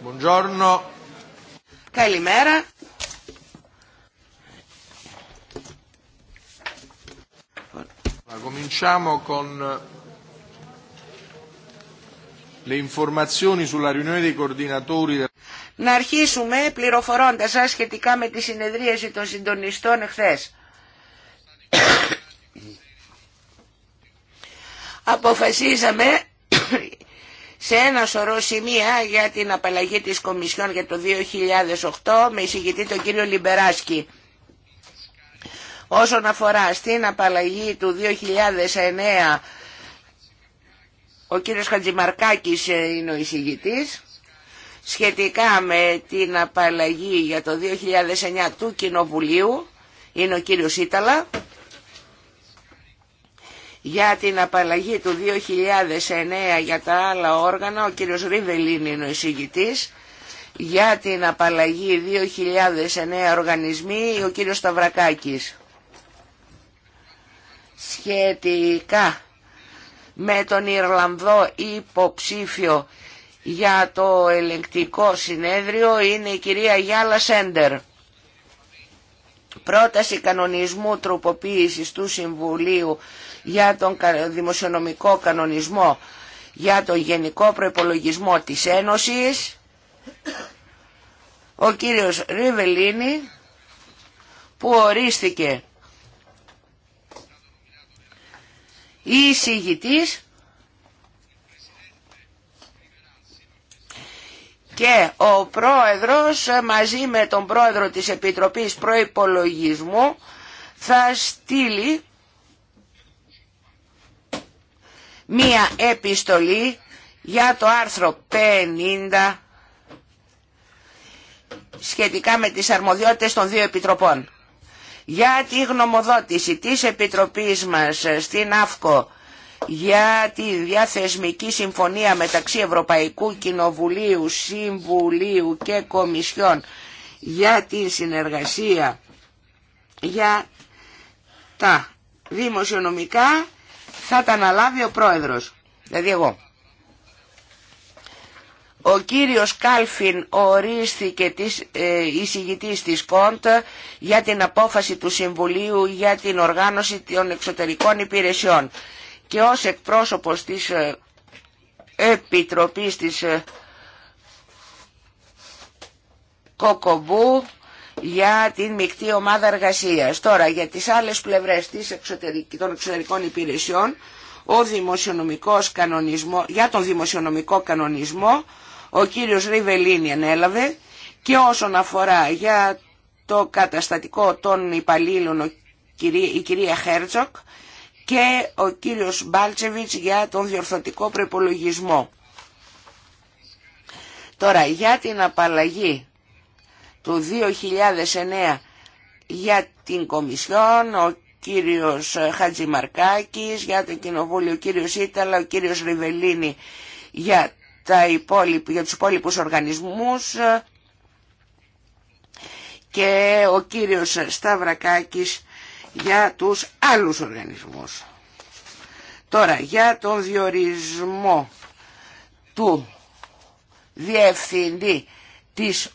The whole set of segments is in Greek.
Buongiorno. Καλημέρα. Cominciamo con eh, le informazioni sulla riunione dei coordinatori. Να αρχίσουμε πληροφορώντας σας σχετικά με τη συνεδρίαση των συντονιστών εχθές. Αποφασίσαμε σε ένα σωρό σημεία για την απαλλαγή της Κομισιόν για το 2008 με εισηγητή τον κύριο Λιμπεράσκη. Όσον αφορά στην απαλλαγή του 2009 ο κύριος Χατζημαρκάκης ε, είναι ο εισηγητής σχετικά με την απαλλαγή για το 2009 του Κοινοβουλίου είναι ο κύριος Ήταλα για την απαλλαγή του 2009 για τα άλλα όργανα, ο κύριος Ριβελίν είναι ο εισηγητής. Για την απαλλαγή 2009 οργανισμοί, ο κύριος Σταυρακάκης. Σχετικά με τον Ιρλανδό υποψήφιο για το ελεγκτικό συνέδριο είναι η κυρία Γιάλα Σέντερ. Πρόταση κανονισμού τροποποίησης του Συμβουλίου για τον δημοσιονομικό κανονισμό για τον γενικό προϋπολογισμό της Ένωσης ο κύριος Ριβελίνη που ορίστηκε εισηγητής και ο πρόεδρος μαζί με τον πρόεδρο της Επιτροπής Προϋπολογισμού θα στείλει μία επιστολή για το άρθρο 50 σχετικά με τις αρμοδιότητες των δύο επιτροπών. Για τη γνωμοδότηση της Επιτροπής μας στην ΑΦΚΟ για τη διαθεσμική συμφωνία μεταξύ Ευρωπαϊκού Κοινοβουλίου, Συμβουλίου και Κομισιών για τη συνεργασία για τα δημοσιονομικά θα τα αναλάβει ο πρόεδρος, δηλαδή εγώ. Ο κύριος Κάλφιν ορίστηκε της, ε, εισηγητής της ΚΟΝΤ για την απόφαση του Συμβουλίου για την οργάνωση των εξωτερικών υπηρεσιών και ως εκπρόσωπος της ε, Επιτροπής της ε, Κοκομπού για την μεικτή ομάδα εργασίας. Τώρα για τις άλλες πλευρές της των εξωτερικών υπηρεσιών, ο για τον δημοσιονομικό κανονισμό ο κύριος Ριβελίνη ανέλαβε και όσον αφορά για το καταστατικό των υπαλλήλων η κυρία Χέρτσοκ και ο κύριος Μπάλτσεβιτς για τον διορθωτικό προπολογισμό. Τώρα για την απαλλαγή το 2009 για την Κομισιόν, ο κύριος Χατζημαρκάκης, για το Κοινοβούλιο ο κύριος Ήταλα, ο κύριος Ριβελίνη για, τα υπόλοιπη, για τους υπόλοιπους οργανισμούς και ο κύριος Σταυρακάκης για τους άλλους οργανισμούς. Τώρα, για τον διορισμό του Διευθυντή της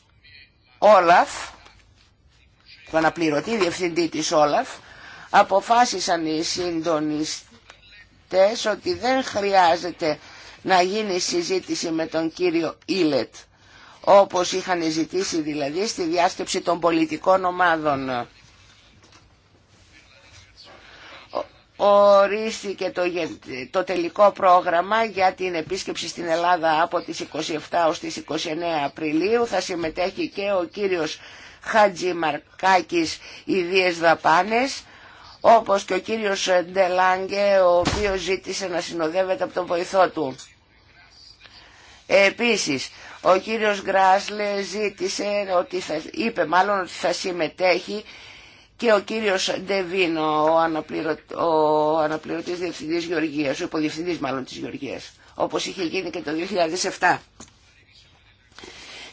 Όλαφ, το αναπληρωτή διευθυντή της Όλαφ, αποφάσισαν οι συντονιστές ότι δεν χρειάζεται να γίνει συζήτηση με τον κύριο Ήλετ, όπως είχαν ζητήσει δηλαδή στη διάσκεψη των πολιτικών ομάδων. ορίστηκε το, το τελικό πρόγραμμα για την επίσκεψη στην Ελλάδα από τις 27 ως τις 29 Απριλίου. Θα συμμετέχει και ο κύριος Χατζη Μαρκάκης Ιδίες Δαπάνες, όπως και ο κύριος Ντελάνγκε ο οποίος ζήτησε να συνοδεύεται από τον βοηθό του. Επίσης, ο κύριος Γκράσλε ζήτησε, ότι θα, είπε μάλλον ότι θα συμμετέχει και ο κύριος Ντεβίνο, ο, αναπληρωτ, ο αναπληρωτής διευθυντής Γεωργίας, ο υποδιευθυντής μάλλον της Γεωργίας, όπως είχε γίνει και το 2007,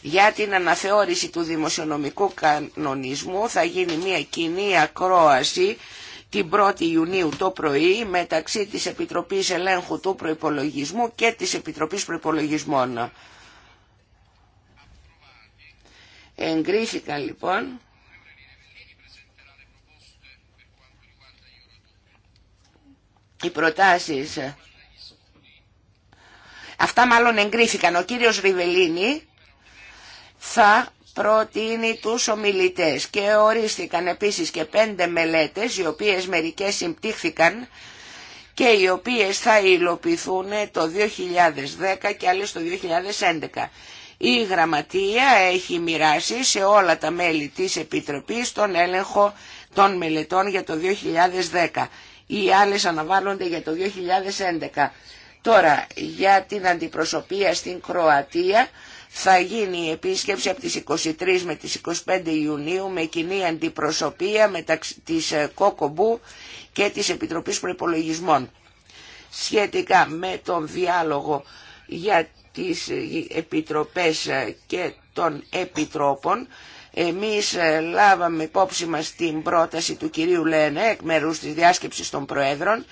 για την αναθεώρηση του δημοσιονομικού κανονισμού θα γίνει μια κοινή ακρόαση την 1η Ιουνίου το πρωί μεταξύ της Επιτροπής Ελέγχου του Προϋπολογισμού και της Επιτροπής Προϋπολογισμών. Εγκρίθηκαν λοιπόν οι προτάσεις. Αυτά μάλλον εγκρίθηκαν. Ο κύριος Ριβελίνη θα προτείνει τους ομιλητές και ορίστηκαν επίσης και πέντε μελέτες οι οποίες μερικές συμπτύχθηκαν και οι οποίες θα υλοποιηθούν το 2010 και άλλες το 2011. Η Γραμματεία έχει μοιράσει σε όλα τα μέλη της Επιτροπής τον έλεγχο των μελετών για το 2010 οι άλλες αναβάλλονται για το 2011. Τώρα, για την αντιπροσωπεία στην Κροατία θα γίνει η επίσκεψη από τις 23 με τις 25 Ιουνίου με κοινή αντιπροσωπεία μεταξύ της ε, Κόκομπου και της Επιτροπής Προϋπολογισμών. Σχετικά με τον διάλογο για τις ε, επιτροπές ε, και των επιτρόπων εμείς ε, λάβαμε υπόψη μας την πρόταση του κυρίου Λένε εκ μέρους της διάσκεψης των Προέδρων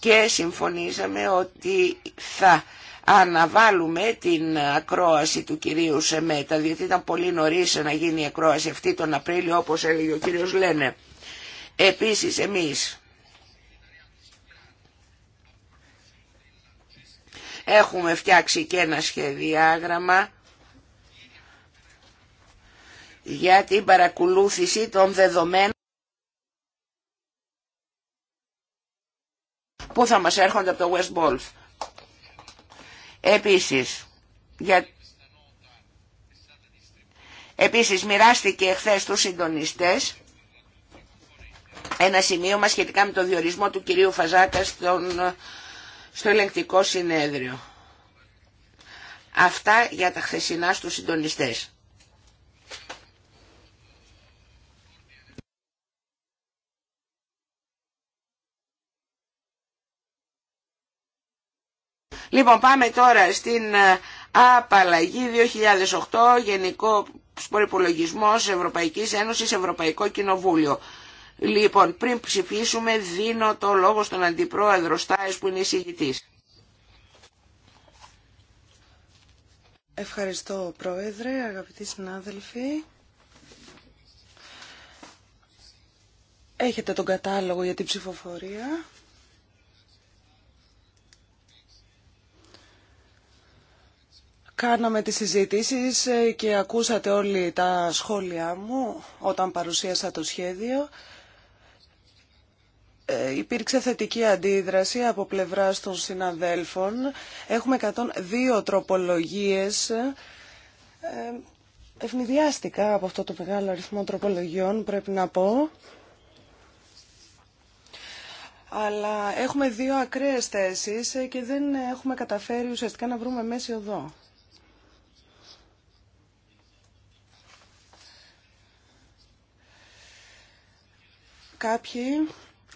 και συμφωνήσαμε ότι θα αναβάλουμε την ακρόαση του κυρίου Σεμέτα διότι ήταν πολύ νωρίς να γίνει η ακρόαση αυτή τον Απρίλιο όπως έλεγε ο κύριος Λένε. Επίσης εμείς έχουμε φτιάξει και ένα σχεδιάγραμμα για την παρακολούθηση των δεδομένων που θα μας έρχονται από το West Wolf. Επίσης, για... Επίσης μοιράστηκε χθε στους συντονιστές ένα σημείο μας σχετικά με το διορισμό του κυρίου Φαζάκα στον... στο ελεγκτικό συνέδριο. Αυτά για τα χθεσινά στους συντονιστές. Λοιπόν, πάμε τώρα στην ε, απαλλαγή 2008, Γενικό Προπολογισμό Ευρωπαϊκής Ένωσης, Ευρωπαϊκό Κοινοβούλιο. Λοιπόν, πριν ψηφίσουμε, δίνω το λόγο στον Αντιπρόεδρο Στάις που είναι εισηγητή. Ευχαριστώ, Πρόεδρε, αγαπητοί συνάδελφοι. Έχετε τον κατάλογο για την ψηφοφορία. Κάναμε τις συζητήσεις ε, και ακούσατε όλοι τα σχόλια μου όταν παρουσίασα το σχέδιο. Ε, υπήρξε θετική αντίδραση από πλευράς των συναδέλφων. Έχουμε 102 τροπολογίες. Ε, ευνηδιάστηκα από αυτό το μεγάλο αριθμό τροπολογιών, πρέπει να πω. Αλλά έχουμε δύο ακραίες θέσεις και δεν έχουμε καταφέρει ουσιαστικά να βρούμε μέση οδό. Κάποιοι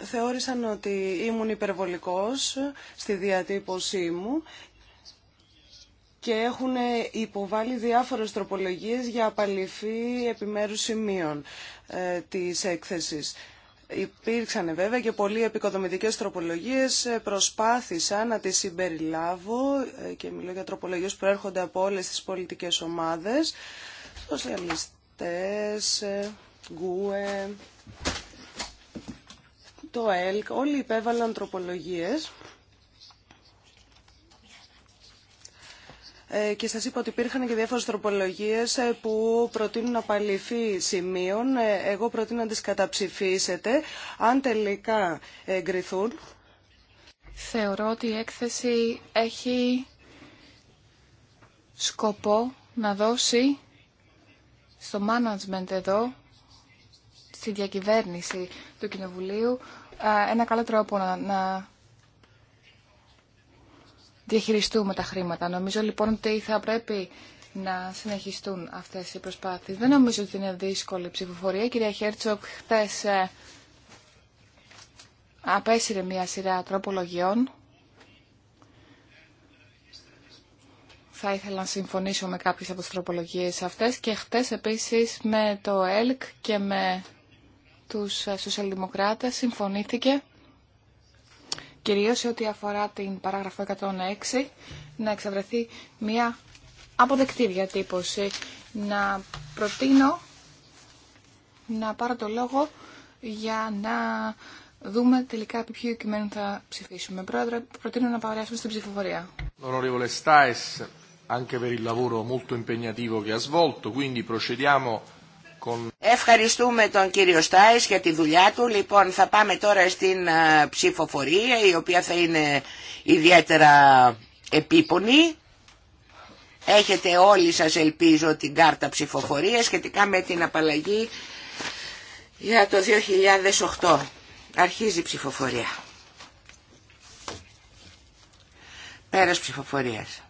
θεώρησαν ότι ήμουν υπερβολικός στη διατύπωσή μου και έχουν υποβάλει διάφορες τροπολογίες για απαλληφή επιμέρους σημείων ε, της έκθεσης. Υπήρξαν βέβαια και πολλοί επικοδομητικές τροπολογίες, προσπάθησα να τις συμπεριλάβω ε, και μιλώ για τροπολογίες που έρχονται από όλες τις πολιτικές ομάδες, σοσιαλιστές, ε, γκουε, το ΕΛΚ, όλοι υπέβαλαν τροπολογίες. Ε, και σας είπα ότι υπήρχαν και διάφορες τροπολογίες ε, που προτείνουν απαλληφή σημείων. Ε, εγώ προτείνω να τις καταψηφίσετε, αν τελικά εγκριθούν. Θεωρώ ότι η έκθεση έχει σκοπό να δώσει στο management εδώ, στη διακυβέρνηση του Κοινοβουλίου, ένα καλό τρόπο να, διαχειριστούμε τα χρήματα. Νομίζω λοιπόν ότι θα πρέπει να συνεχιστούν αυτές οι προσπάθειες. Δεν νομίζω ότι είναι δύσκολη η ψηφοφορία. κυρία Χέρτσοκ χθες ε, απέσυρε μια σειρά τροπολογιών. Θα ήθελα να συμφωνήσω με κάποιες από τις τροπολογίες αυτές και χτες επίσης με το ΕΛΚ και με τους σοσιαλδημοκράτες συμφωνήθηκε κυρίως σε ό,τι αφορά την παράγραφο 106 να εξευρεθεί μια αποδεκτή διατύπωση. Να προτείνω να πάρω το λόγο για να δούμε τελικά επί ποιο κειμένο θα ψηφίσουμε. Πρόεδρε, προτείνω να παρέσουμε στην ψηφοφορία. Onorevole Staes, anche per il lavoro molto impegnativo che ha svolto, quindi Ευχαριστούμε τον κύριο Στάις για τη δουλειά του. Λοιπόν, θα πάμε τώρα στην ε, ψηφοφορία, η οποία θα είναι ιδιαίτερα επίπονη. Έχετε όλοι σας, ελπίζω, την κάρτα ψηφοφορία σχετικά με την απαλλαγή για το 2008. Αρχίζει η ψηφοφορία. Πέρας ψηφοφορίας.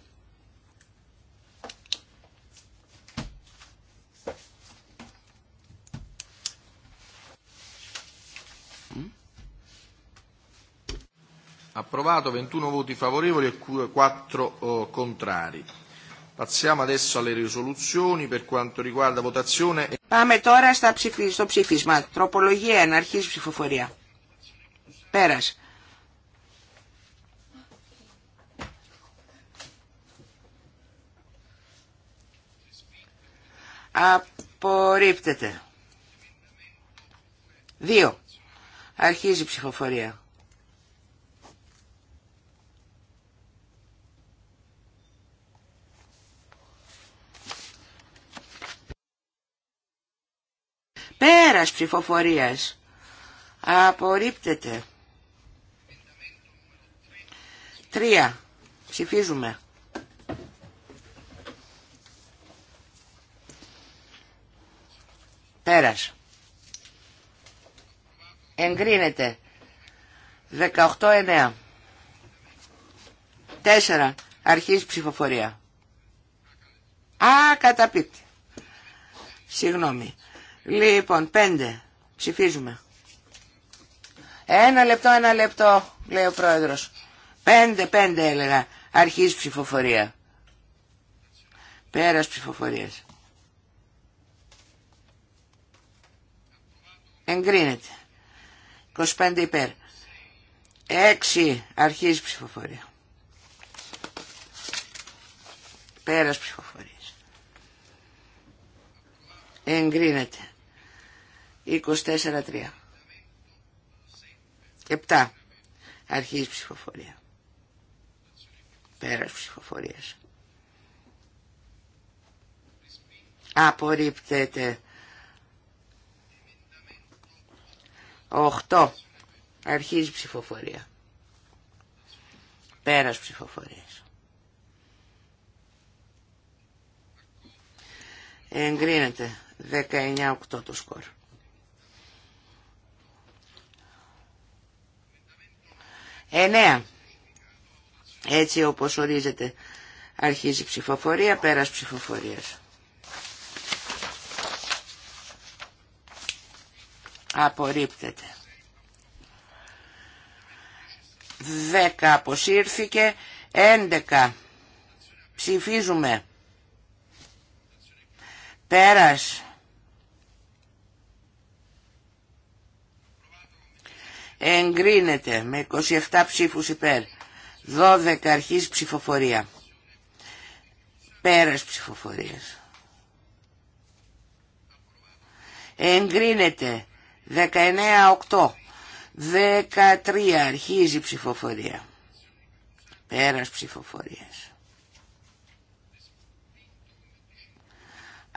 approvato 21 voti favorevoli e 4 contrari. Passiamo adesso alle risoluzioni per quanto riguarda votazione. E Πάμε τώρα στα ψηφι... στο ψήφισμα. Τροπολογία, εναρχής ψηφοφορία. Πέρας. Απορρίπτεται. Δύο. Αρχίζει η ψηφοφορία. Πέρας ψηφοφορίας. Απορρίπτεται. Τρία. Ψηφίζουμε. Πέρας. Εγκρίνεται. 18-9. Τέσσερα. Αρχίζει ψηφοφορία. Α, καταπίπτει. Συγγνώμη. Λοιπόν, πέντε. Ψηφίζουμε. Ένα λεπτό, ένα λεπτό, λέει ο πρόεδρος. Πέντε, πέντε έλεγα. Αρχίζει ψηφοφορία. Πέρας ψηφοφορίας. Εγκρίνεται. 25 υπέρ. Έξι. Αρχίζει ψηφοφορία. Πέρας ψηφοφορίας. Εγκρίνεται. 24-3. 7. αρχίζει ψηφοφορία. Πέρας ψηφοφορίας. Απορρίπτεται. 8. αρχιζει ψηφοφορια ψηφοφορία. Πέρας ψηφοφορίας. Εγκρίνεται 19-8 το σκορ. 9. Έτσι όπως ορίζεται αρχίζει ψηφοφορία, πέρας ψηφοφορίας. Απορρίπτεται. 10 αποσύρθηκε, 11 ψηφίζουμε. Πέρας. εγκρίνεται με 27 ψήφους υπέρ, 12 αρχίζει ψηφοφορια ψηφοφορία, πέρας ψηφοφορίας. Εγκρίνεται 19-8, 13 αρχίζει ψηφοφορία, πέρας ψηφοφορίας.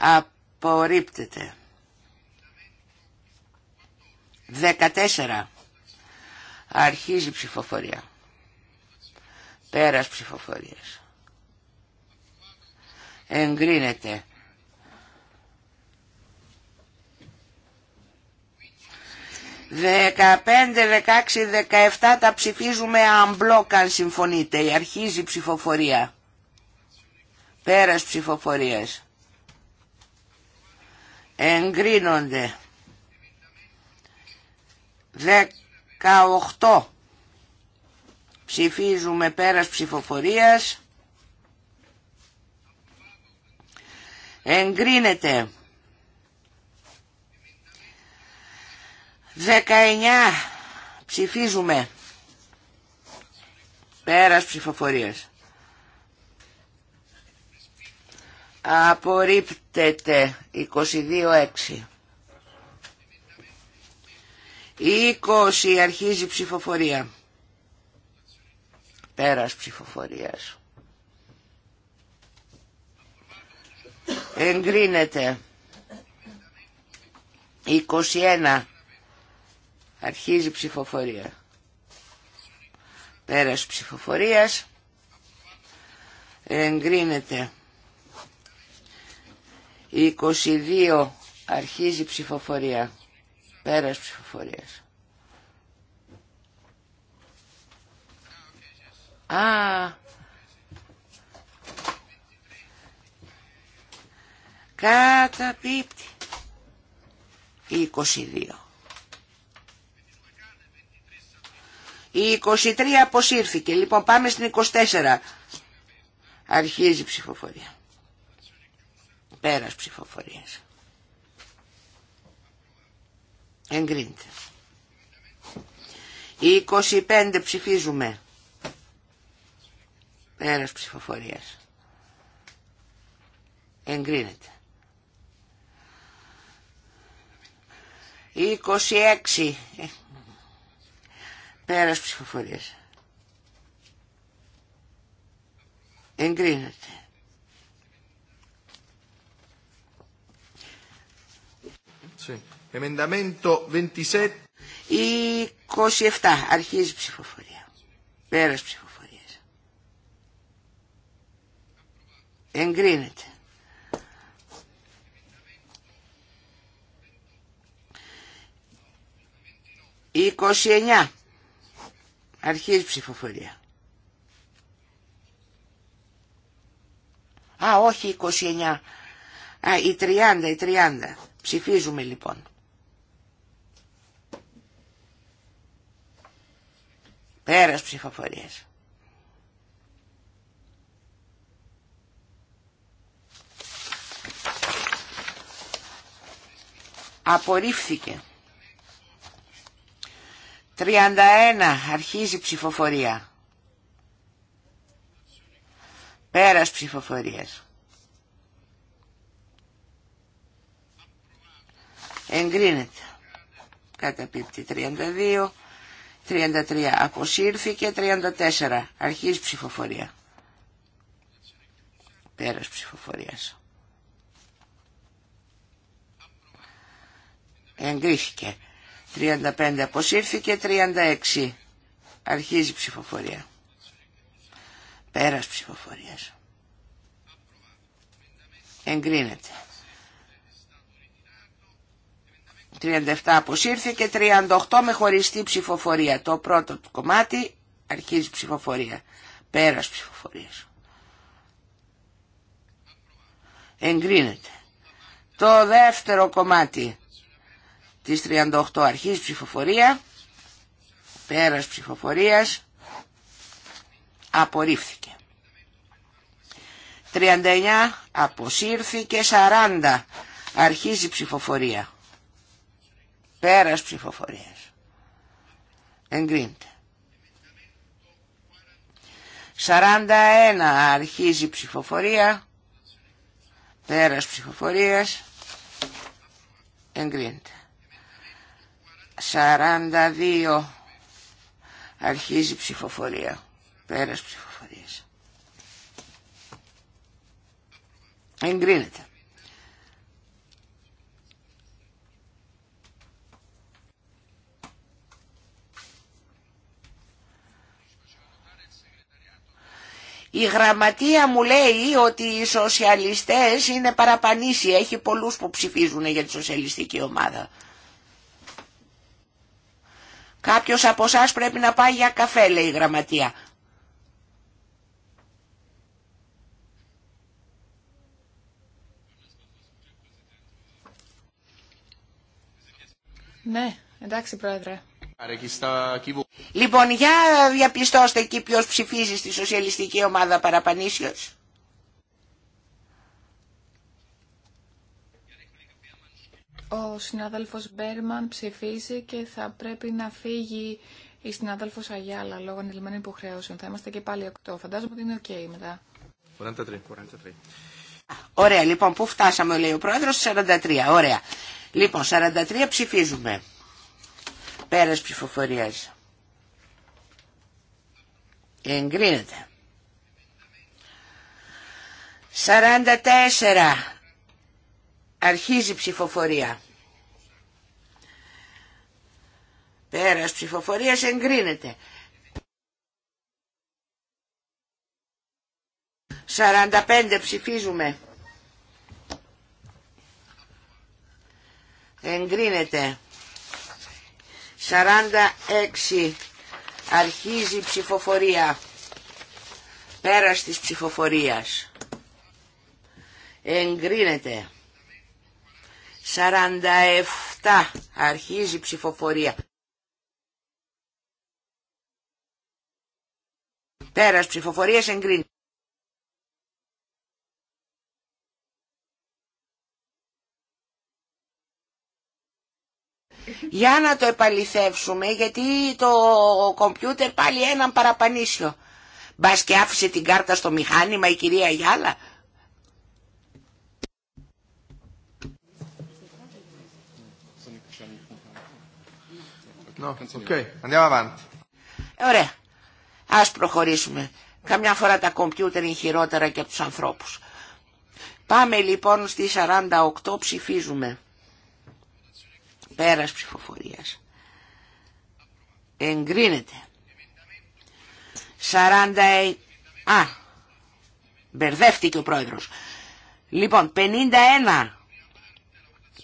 Απορρίπτεται. 14. Αρχίζει ψηφοφορία. Πέρας ψηφοφορίας, Εγκρίνεται. 15, 16, 17 τα ψηφίζουμε αν συμφωνείτε. Αρχίζει ψηφοφορία. Πέρας ψηφοφορίας, Εγκρίνονται. 15, 18. Ψηφίζουμε πέρας ψηφοφορίας. Εγκρίνεται. 19. Ψηφίζουμε. Πέρας ψηφοφορίας. Απορρίπτεται 22-6. 20 αρχίζει ψηφοφορία. Πέρας ψηφοφορίας. Εγκρίνεται. 21 αρχίζει ψηφοφορία. Πέρας ψηφοφορίας. Εγκρίνεται. 22 αρχίζει ψηφοφορία Πέρας ψηφοφορία. Α, καταπίπτει. 22. Η 23 αποσύρθηκε. Λοιπόν πάμε στην 24. Αρχίζει η ψηφοφορία. Πέρας ψηφοφορίας. Εγκρίνεται. 25 ψηφίζουμε. Πέρας ψηφοφορίας. Εγκρίνεται. 26. Ε, πέρας ψηφοφορίας. Εγκρίνεται. 26. Η 27. 27. Αρχίζει ψηφοφορία. Πέρας ψηφοφορίας. Εγκρίνεται. Η 29. Αρχίζει ψηφοφορία. Α, όχι η 29. Α, η 30, η 30. Ψηφίζουμε λοιπόν. Πέρας ψηφοφορίας. Απορρίφθηκε. 31. Αρχίζει ψηφοφορία. Πέρας ψηφοφορίας. Εγκρίνεται. Καταπίπτει 32. 33 αποσύρθηκε, 34 αρχής ψηφοφορία. Πέρας ψηφοφορίας. Εγκρίθηκε. 35 αποσύρθηκε, 36 αρχίζει ψηφοφορία. Πέρας ψηφοφορίας. Εγκρίνεται. 37 αποσύρθηκε, 38 με χωριστή ψηφοφορία. Το πρώτο του κομμάτι αρχίζει ψηφοφορία. Πέρας ψηφοφορίας. Εγκρίνεται. Το δεύτερο κομμάτι της 38 αρχίζει ψηφοφορία, πέρας ψηφοφορίας, απορρίφθηκε. 39 αποσύρθηκε, 40 αρχίζει ψηφοφορία. Πέρας ψηφοφορίας. Εγκρίνεται. 41 αρχίζει ψηφοφορία. Πέρας ψηφοφορίας. Εγκρίνεται. 42 αρχίζει ψηφοφορία. Πέρας ψηφοφορίας. Εγκρίνεται. Η γραμματεία μου λέει ότι οι σοσιαλιστές είναι παραπανήσιοι. Έχει πολλούς που ψηφίζουν για τη σοσιαλιστική ομάδα. Κάποιος από εσά πρέπει να πάει για καφέ, λέει η γραμματεία. Ναι, εντάξει πρόεδρε. Λοιπόν, για διαπιστώστε εκεί ποιος ψηφίζει στη σοσιαλιστική ομάδα Παραπανήσιος. Ο συνάδελφος Μπέρμαν ψηφίζει και θα πρέπει να φύγει η συνάδελφος Αγιάλα λόγω ανελειμμένων υποχρεώσεων. Θα είμαστε και πάλι οκτώ. Φαντάζομαι ότι είναι οκ 43, 43. Ωραία, λοιπόν, πού φτάσαμε, λέει ο πρόεδρος, 43. Ωραία. Λοιπόν, 43 ψηφίζουμε. Πέρας ψηφοφορίας. Εγκρίνεται. 44. Αρχίζει ψηφοφορία. Πέρας ψηφοφορίας εγκρίνεται. 45 ψηφίζουμε. Εγκρίνεται. 46 αρχίζει η ψηφοφορία πέρας της ψηφοφορίας εγκρίνεται 47 αρχίζει η ψηφοφορία πέρας ψηφοφορίας εγκρίνεται Για να το επαληθεύσουμε γιατί το κομπιούτερ πάλι έναν παραπανίσιο. Μπα και άφησε την κάρτα στο μηχάνημα η κυρία Γιάλα. Okay. Ωραία. Ας προχωρήσουμε. Καμιά φορά τα κομπιούτερ είναι χειρότερα και από τους ανθρώπους. Πάμε λοιπόν στη 48 ψηφίζουμε. Πέρας ψηφοφορίας. Εγκρίνεται. 40... Ε, α, μπερδεύτηκε ο πρόεδρος. Λοιπόν, 51.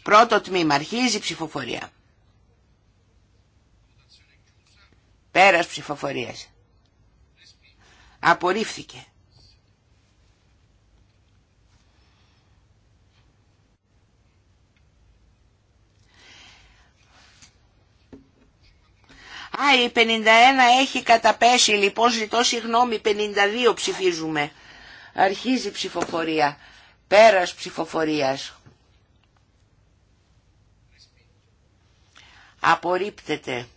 Πρώτο τμήμα, αρχίζει ψηφοφορία. Πέρας ψηφοφορίας. Απορρίφθηκε. Α, η 51 έχει καταπέσει, λοιπόν ζητώ συγγνώμη, 52 ψηφίζουμε. Αρχίζει η ψηφοφορία, πέρας ψηφοφορίας. Απορρίπτεται.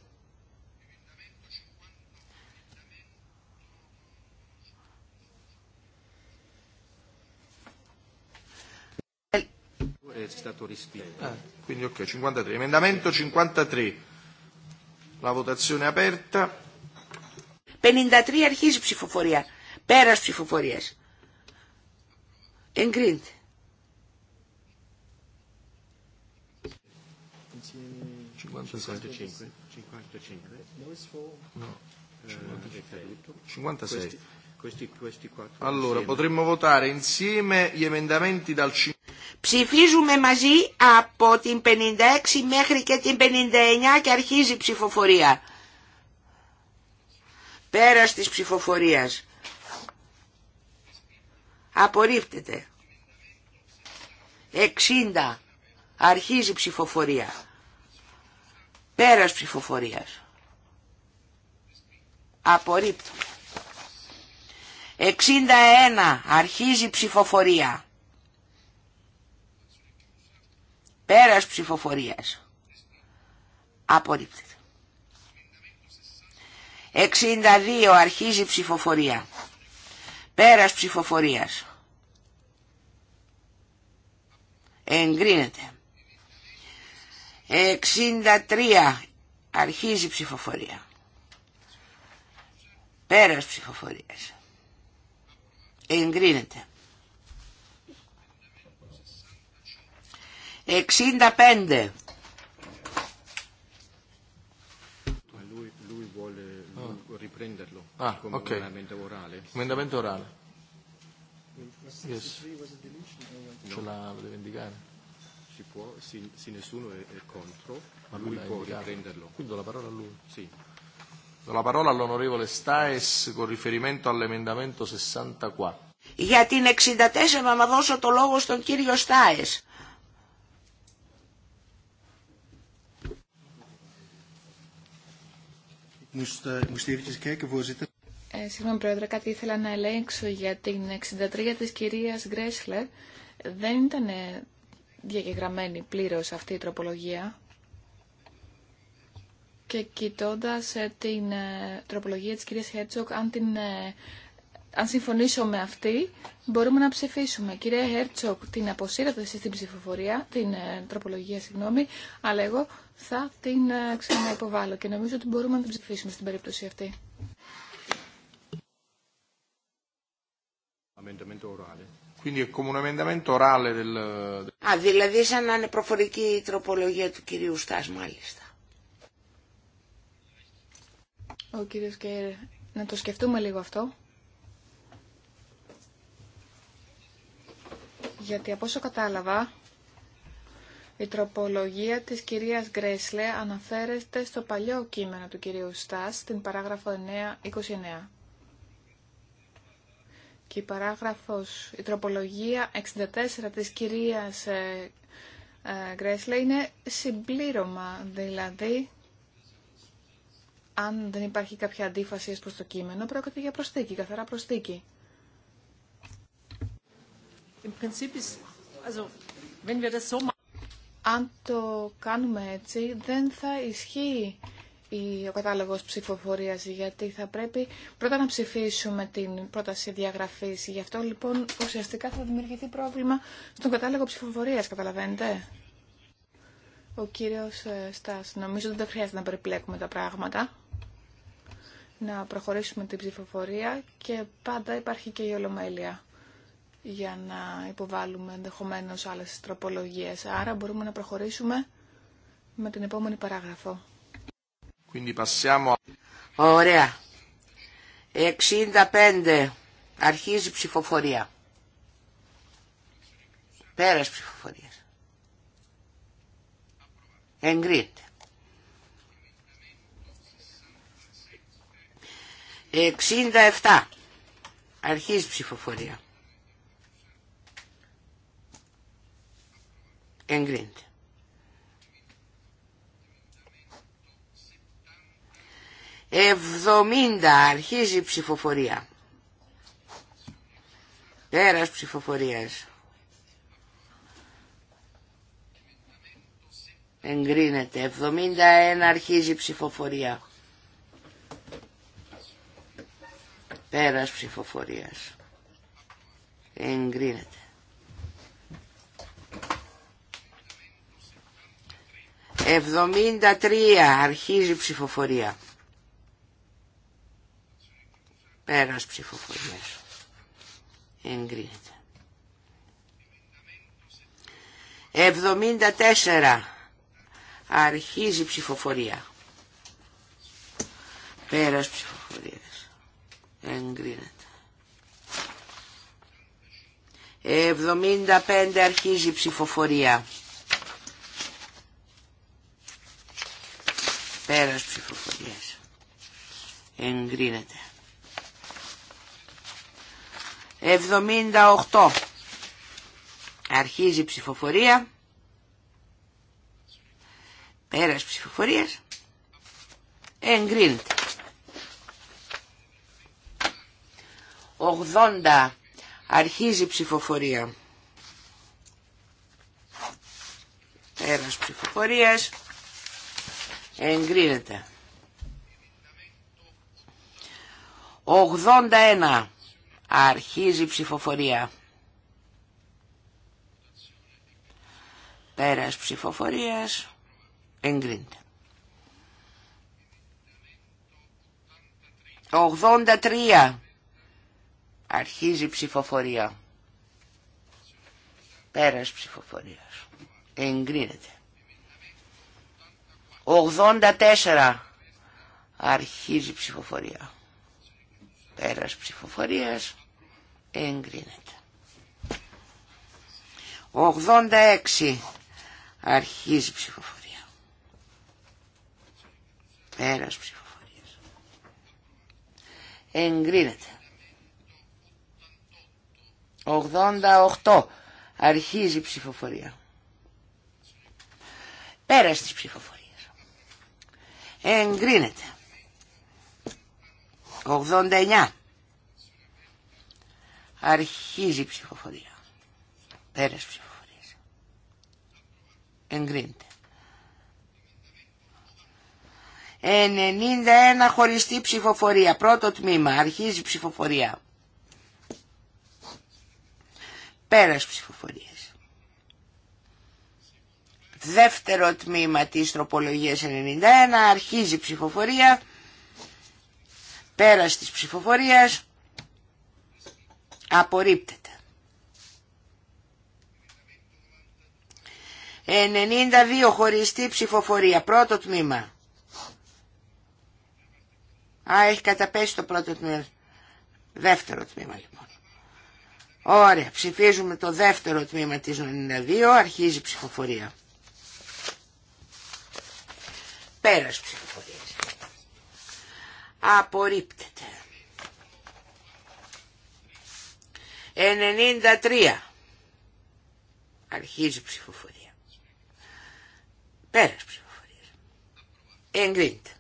53. La votazione è aperta. 53 αρχίζει η ψηφοφορία. Πέρας ψηφοφορίας. Εγκρίνεται. Allora, potremmo votare insieme gli emendamenti dal 5. Ψηφίζουμε μαζί από την 56 μέχρι και την 59 και αρχίζει η ψηφοφορία. Πέρας της ψηφοφορίας. Απορρίπτεται. 60. Αρχίζει η ψηφοφορία. Πέρας ψηφοφορίας. Απορρίπτω. 61. Αρχίζει η ψηφοφορία. Πέρας ψηφοφορίας. Απορρίπτεται. 62 αρχίζει ψηφοφορία. Πέρας ψηφοφορίας. Εγκρίνεται. 63 αρχίζει ψηφοφορία. Πέρας ψηφοφορίας. Εγκρίνεται. 65. Lui, lui vuole riprenderlo ah, come okay. un emendamento orale. Emendamento orale. Yes. Ce la deve indicare. Si può, se, nessuno è, è contro, Ma lui può riprenderlo. Quindi do la parola a lui. Sì. Do la parola all'onorevole Staes con riferimento all'emendamento 64. Για την 64 να δώσω το λόγο στον κύριο Στάες. Ε, συγγνώμη, Πρόεδρε, κάτι ήθελα να ελέγξω για την 63 της κυρίας Γκρέσλερ. Δεν ήταν διαγεγραμμένη πλήρως αυτή η τροπολογία. Και κοιτώντας ε, την ε, τροπολογία της κυρίας Χέρτσοκ, αν την αν συμφωνήσω με αυτή, μπορούμε να ψηφίσουμε. Κύριε Χέρτσοκ, την αποσύρατε εσείς την ψηφοφορία, την ε, τροπολογία, συγγνώμη, αλλά εγώ θα την ε, ξαναυποβάλλω και νομίζω ότι μπορούμε να την ψηφίσουμε στην περίπτωση αυτή. Α, δηλαδή σαν να είναι προφορική η τροπολογία του κυρίου Στάς, μάλιστα. Ο κύριος να το σκεφτούμε λίγο αυτό. γιατί από όσο κατάλαβα, η τροπολογία της κυρίας Γκρέσλε αναφέρεται στο παλιό κείμενο του κυρίου Στάς, στην παράγραφο 9.29. Και η παράγραφος, η τροπολογία 64 της κυρίας ε, ε, Γκρέσλε είναι συμπλήρωμα, δηλαδή αν δεν υπάρχει κάποια αντίφαση προς το κείμενο, πρόκειται για προσθήκη, καθαρά προσθήκη αν το κάνουμε έτσι, δεν θα ισχύει ο κατάλογο ψηφοφορία, γιατί θα πρέπει πρώτα να ψηφίσουμε την πρόταση διαγραφή. Γι' αυτό λοιπόν ουσιαστικά θα δημιουργηθεί πρόβλημα στον κατάλογο ψηφοφορία, καταλαβαίνετε. Ο κύριος ε, Στάς, νομίζω ότι δεν χρειάζεται να περιπλέκουμε τα πράγματα. Να προχωρήσουμε την ψηφοφορία και πάντα υπάρχει και η ολομέλεια για να υποβάλουμε ενδεχομένω άλλες τροπολογίες. Άρα μπορούμε να προχωρήσουμε με την επόμενη παράγραφο. Ωραία. 65. Αρχίζει ψηφοφορία. Πέρας ψηφοφορία. Εγκρίνεται. 67. Αρχίζει ψηφοφορία. εγκρίνεται. Εβδομήντα αρχίζει η ψηφοφορία. Πέρας ψηφοφορίας. Εγκρίνεται. ένα αρχίζει η ψηφοφορία. Πέρας ψηφοφορίας. Εγκρίνεται. 73 αρχίζει ψηφοφορία. Πέρας ψηφοφορίας. Εγκρίνεται. 74 αρχίζει ψηφοφορία. Πέρας ψηφοφορίας. Εγκρίνεται. 75 αρχίζει ψηφοφορία. Πέρας ψηφοφορίας. Εγκρίνεται. 78. Αρχίζει ψηφοφορία. Πέρας ψηφοφορίας. Εγκρίνεται. 80. Αρχίζει ψηφοφορία. Πέρας ψηφοφορίας εγκρίνεται. 81 αρχίζει η ψηφοφορία. Πέρας ψηφοφορίας εγκρίνεται. 83 αρχίζει η ψηφοφορία. Πέρας ψηφοφορίας εγκρίνεται. 84 αρχίζει ψηφοφορία. Πέρας ψηφοφορίας εγκρίνεται. 86 αρχίζει ψηφοφορία. Πέρας ψηφοφορίας. Εγκρίνεται. 88 αρχίζει ψηφοφορία. Πέρας της ψηφοφορίας εγκρίνεται. 89. Αρχίζει η ψηφοφορία. Πέρας ψηφοφορίας. Εγκρίνεται. 91 χωριστή ψηφοφορία. Πρώτο τμήμα. Αρχίζει η ψηφοφορία. Πέρας ψηφοφορίας. Δεύτερο τμήμα της τροπολογίας 91, αρχίζει ψηφοφορία, πέρας της ψηφοφορίας, απορρίπτεται. 92 χωριστή ψηφοφορία, πρώτο τμήμα. Α, έχει καταπέσει το πρώτο τμήμα. Δεύτερο τμήμα λοιπόν. Ωραία, ψηφίζουμε το δεύτερο τμήμα της 92, αρχίζει η ψηφοφορία. Πέρας ψηφοφορίας. Απορρίπτεται. 93. Αρχίζει ψηφοφορία. Πέρας ψηφοφορίας. Εγκρίνεται.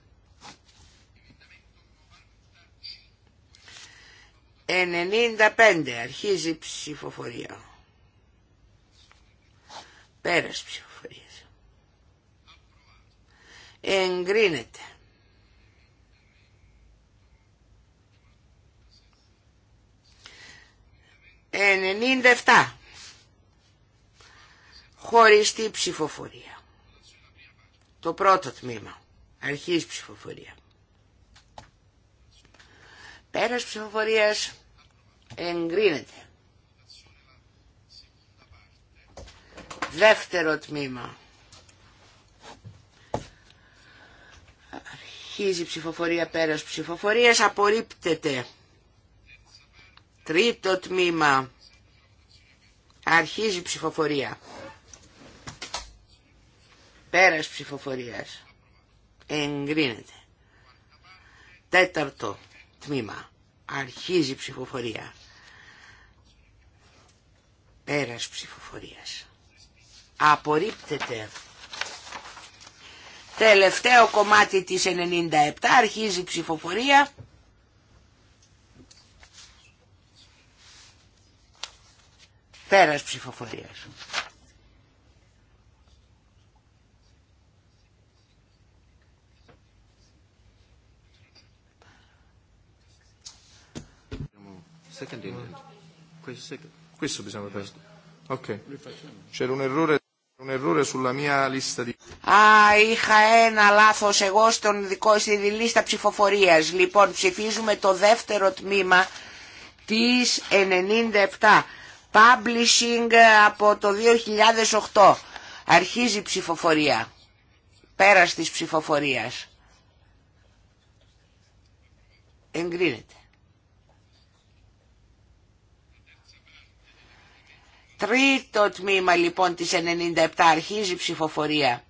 95. Αρχίζει ψηφοφορία. Πέρας ψηφοφορία εγκρίνεται. Ενενήντα Χωριστή ψηφοφορία. Το πρώτο τμήμα. Αρχής ψηφοφορία. Πέρας ψηφοφορίας εγκρίνεται. Δεύτερο τμήμα. Αρχίζει ψηφοφορία πέρας ψηφοφορίας, απορρίπτεται. Τρίτο τμήμα. Αρχίζει ψηφοφορία. Πέρας ψηφοφορίας. Εγκρίνεται. Τέταρτο τμήμα. Αρχίζει ψηφοφορία. Πέρας ψηφοφορίας. Απορρίπτεται. Τελευταίο κομμάτι της 97 αρχίζει η ψηφοφορία. Πέρας ψηφοφορίας. Questo bisogna Ok. C'era un errore Α, είχα ένα λάθος εγώ στον δικό στη λίστα ψηφοφορίας. Λοιπόν, ψηφίζουμε το δεύτερο τμήμα της 97. Publishing από το 2008. Αρχίζει η ψηφοφορία. Πέρας της ψηφοφορίας. Εγκρίνεται. Τρίτο τμήμα λοιπόν της 97 αρχίζει η ψηφοφορία.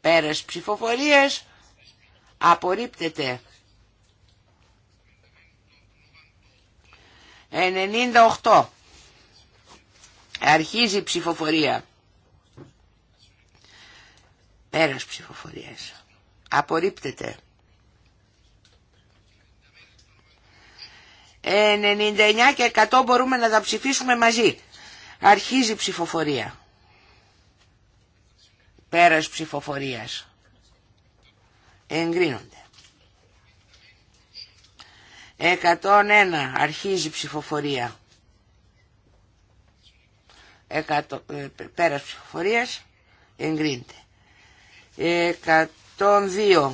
Πέρας ψηφοφορίες, απορρίπτεται. 98. Αρχίζει ψηφοφορία. Πέρας ψηφοφορίες, Απορρίπτεται. 99 και 100 μπορούμε να τα ψηφίσουμε μαζί. Αρχίζει η ψηφοφορία. Πέρας ψηφοφορίας. Εγκρίνονται. 101. Αρχίζει η ψηφοφορία. 100, ε, πέρας ψηφοφορίας. Εγκρίνεται. 102.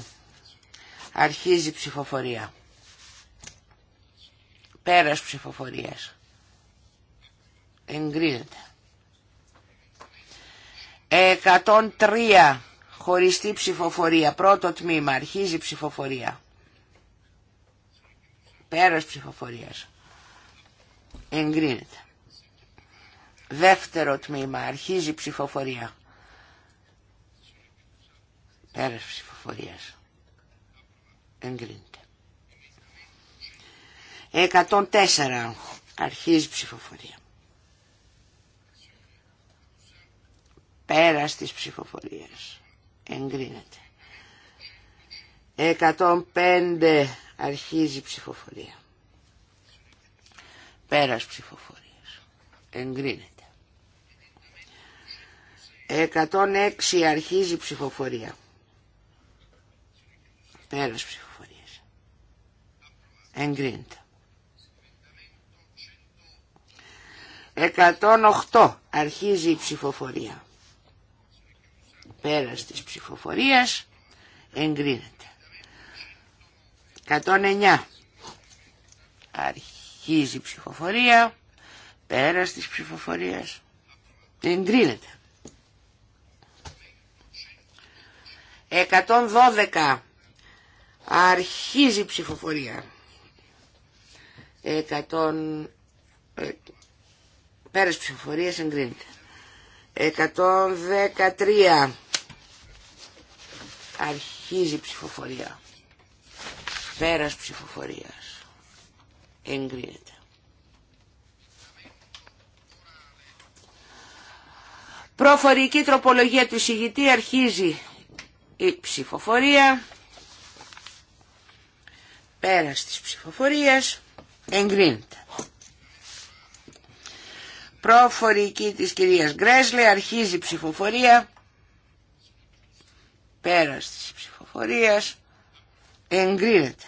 Αρχίζει η ψηφοφορία. Πέρας ψηφοφορίας. Εγκρίνεται. 103 χωριστή ψηφοφορία. Πρώτο τμήμα. Αρχίζει ψηφοφορία. Πέρας ψηφοφορίας. Εγκρίνεται. Δεύτερο τμήμα. Αρχίζει ψηφοφορία. Πέρας ψηφοφορίας. Εγκρίνεται. 104. Αρχίζει ψηφοφορία. Πέρας της ψηφοφορίας. Εγκρίνεται. 105. Αρχίζει ψηφοφορία. Πέρας ψηφοφορίας. Εγκρίνεται. 106. Αρχίζει ψηφοφορία. Πέρας ψηφοφορίας. Εγκρίνεται. 108 αρχίζει η ψηφοφορία. Πέρας της ψηφοφορίας εγκρίνεται. 109 αρχίζει η ψηφοφορία. Πέρας της ψηφοφορίας εγκρίνεται. 112 αρχίζει η ψηφοφορία. 100... Πέρας ψηφοφορίας εγκρίνεται. 113. Αρχίζει η ψηφοφορία. Πέρας ψηφοφορίας. Εγκρίνεται. Προφορική τροπολογία του εισηγητή αρχίζει η ψηφοφορία. Πέρας της ψηφοφορίας εγκρίνεται. Προφορική της κυρίας Γκρέσλε αρχίζει η ψηφοφορία. Πέρας της ψηφοφορίας εγκρίνεται.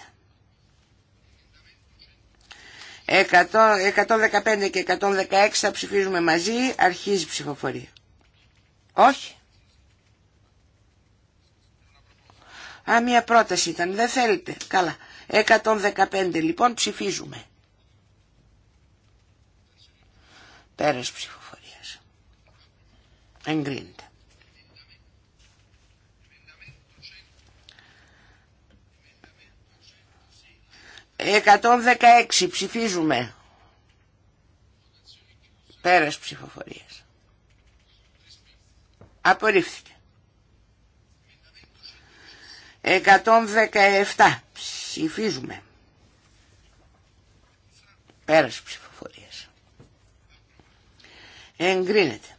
115 και 116 θα ψηφίζουμε μαζί, αρχίζει η ψηφοφορία. Όχι. Α, μία πρόταση ήταν, δεν θέλετε. Καλά. 115 λοιπόν ψηφίζουμε. Πέρας ψηφοφορίας. Εγκρίνεται. Εκατόν δεκαέξι ψηφίζουμε. Πέρας ψηφοφορίας. Απορρίφθηκε. 117. Ψηφίζουμε. Πέρασε ψηφοφορία εγκρίνεται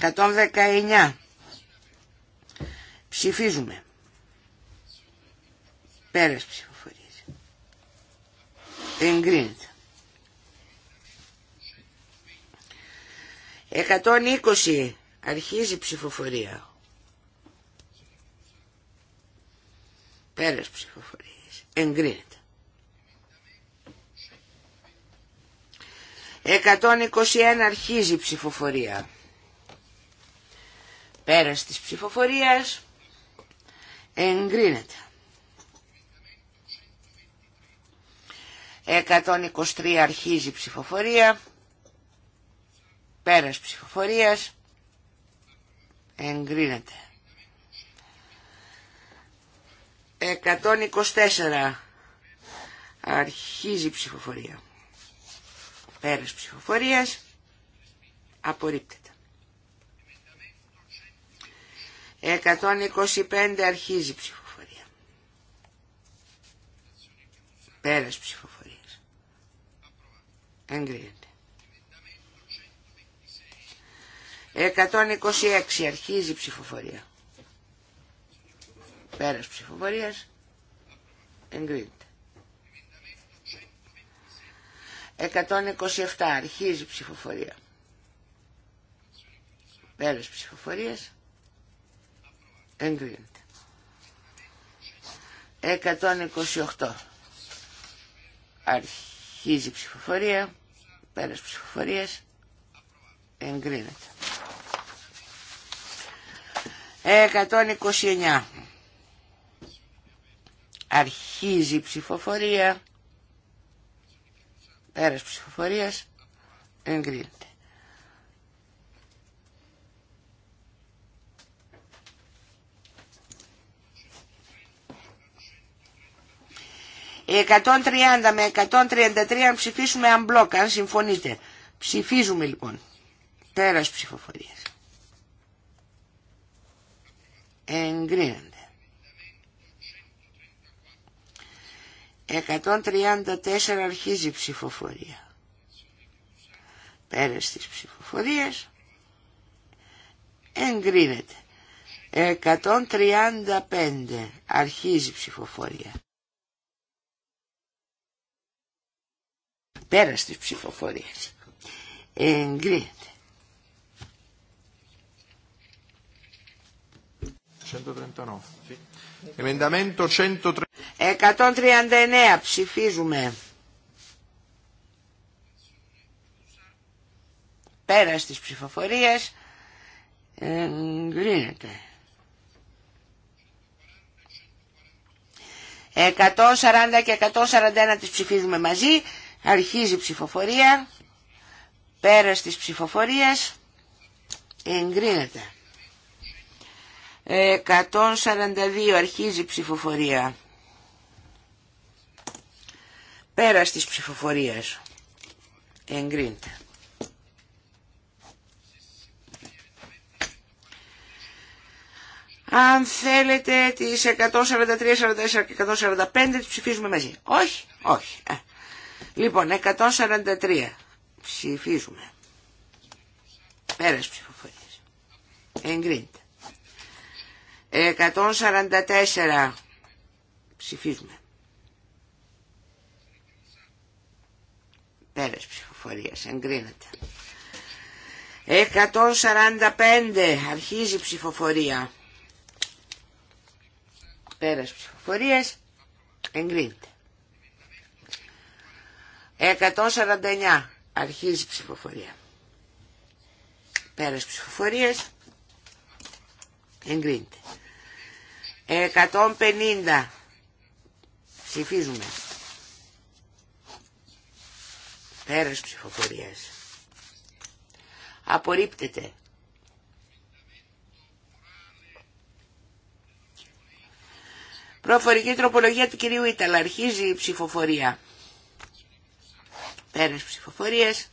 119 ψηφίζουμε πέρας ψηφοφορίας εγκρίνεται 120 αρχίζει ψηφοφορία πέρας ψηφοφορίας εγκρίνεται 121 αρχίζει η ψηφοφορία. Πέρας της ψηφοφορίας εγκρίνεται. 123 αρχίζει η ψηφοφορία. Πέρας ψηφοφορίας εγκρίνεται. 124 αρχίζει η ψηφοφορία. Πέρας ψηφοφορίας. Απορρίπτεται. 125 αρχίζει η ψηφοφορία. Πέρας ψηφοφορίας. Εγκρίνεται. 126 αρχίζει ψηφοφορία. Πέρας ψηφοφορίας. Εγκρίνεται. 127 αρχίζει η ψηφοφορία. Πέρας ψηφοφορίας. Εγκρίνεται. 128 αρχίζει ψηφοφορία. Πέρας ψηφοφορίας. Εγκρίνεται. 129 αρχίζει η ψηφοφορία Πέρας ψηφοφορίας εγκρίνεται. Οι 130 με 133 αν ψηφίσουμε unblock, αν συμφωνείτε. Ψηφίζουμε λοιπόν. Πέρας ψηφοφορίας. Εγκρίνεται. 134 αρχίζει ψηφοφορία. Πέρας της ψηφοφορίας εγκρίνεται. 135 αρχίζει ψηφοφορία. Πέρας της ψηφοφορίας εγκρίνεται. 139. 139 ψηφίζουμε. Πέρα στις ψηφοφορίες εγκρίνεται. 140 και 141 τις ψηφίζουμε μαζί. Αρχίζει η ψηφοφορία. Πέρα στις ψηφοφορίες εγκρίνεται. 142 αρχίζει ψηφοφορία. Πέρας της ψηφοφορίας. Εγκρίνεται. αν θέλετε τις 143, 144 και 145 τις ψηφίζουμε μαζί. Όχι, όχι. Ε. Λοιπόν, 143 ψηφίζουμε. Πέρας ψηφοφορίας. Εγκρίνεται. 144 ψηφίζουμε. Πέρας ψηφοφορίας, εγκρίνεται. 145 αρχίζει ψηφοφορία. Πέρας ψηφοφορίας, εγκρίνεται. 149 αρχίζει ψηφοφορία. Πέρας ψηφοφορίας, εγκρίνεται. 150. Ψηφίζουμε. Πέρας ψηφοφορίας. Απορρίπτεται. Προφορική τροπολογία του κυρίου Ήταλα. Αρχίζει η ψηφοφορία. Πέρας ψηφοφορίας.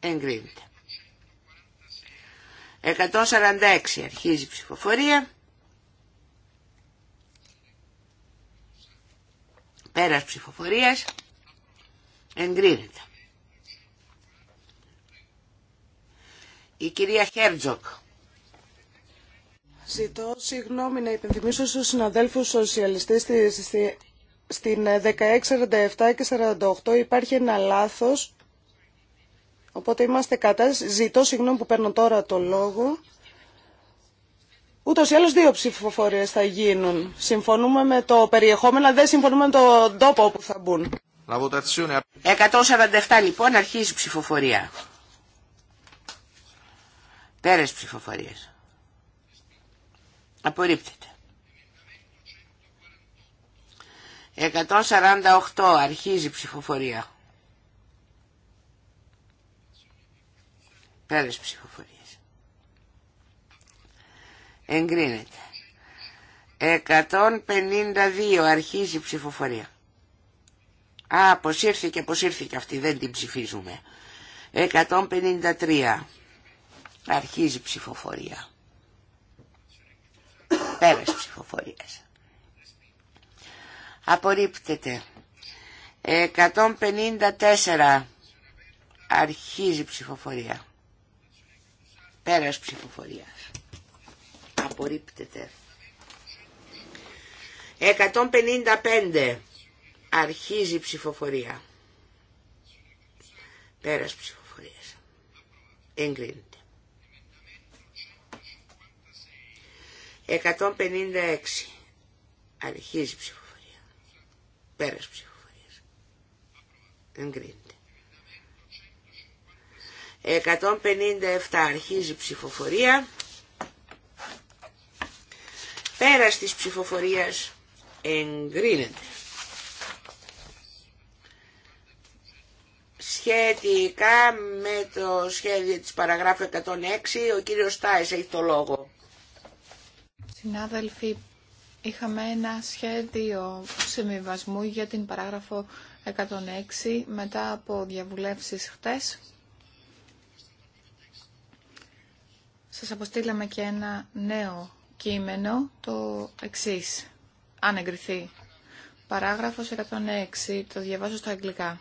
Εγκρίνεται. 146 αρχίζει η ψηφοφορία. Πέρας ψηφοφορίας εγκρίνεται. Η κυρία Χέρτζοκ. Ζητώ συγγνώμη να υπενθυμίσω στους συναδέλφους σοσιαλιστές στην 1647 ε, και 48 υπάρχει ένα λάθος. Οπότε είμαστε κατά. Ζητώ συγγνώμη που παίρνω τώρα το λόγο. Ούτω ή άλλω δύο ψηφοφορίε θα γίνουν. Συμφωνούμε με το περιεχόμενο, δεν συμφωνούμε με τον τόπο όπου θα μπουν. 147 λοιπόν αρχίζει ψηφοφορία. Πέρες ψηφοφορίες. Απορρίπτεται. 148 αρχίζει ψηφοφορία. Πέρες ψηφοφορία εγκρίνεται. 152 αρχίζει η ψηφοφορία. Α, αποσύρθηκε, αποσύρθηκε αυτή, δεν την ψηφίζουμε. 153 αρχίζει η ψηφοφορία. Πέρας ψηφοφορίας. Απορρίπτεται. 154 αρχίζει η ψηφοφορία. Πέρας ψηφοφορίας απορρίπτεται. 155 αρχίζει η ψηφοφορία. Πέρας ψηφοφορίας. Εγκρίνεται. 156 αρχίζει η ψηφοφορία. Πέρας ψηφοφορίας. Εγκρίνεται. 157 αρχίζει η ψηφοφορία. Πέρας της ψηφοφορίας εγκρίνεται. Σχετικά με το σχέδιο της παραγράφου 106, ο κύριος Στάις έχει το λόγο. Συνάδελφοι, είχαμε ένα σχέδιο συμβιβασμού για την παράγραφο 106 μετά από διαβουλεύσεις χτες. Σας αποστήλαμε και ένα νέο κείμενο το εξής, αν εγκριθεί. Παράγραφος 106, το διαβάζω στα αγγλικά.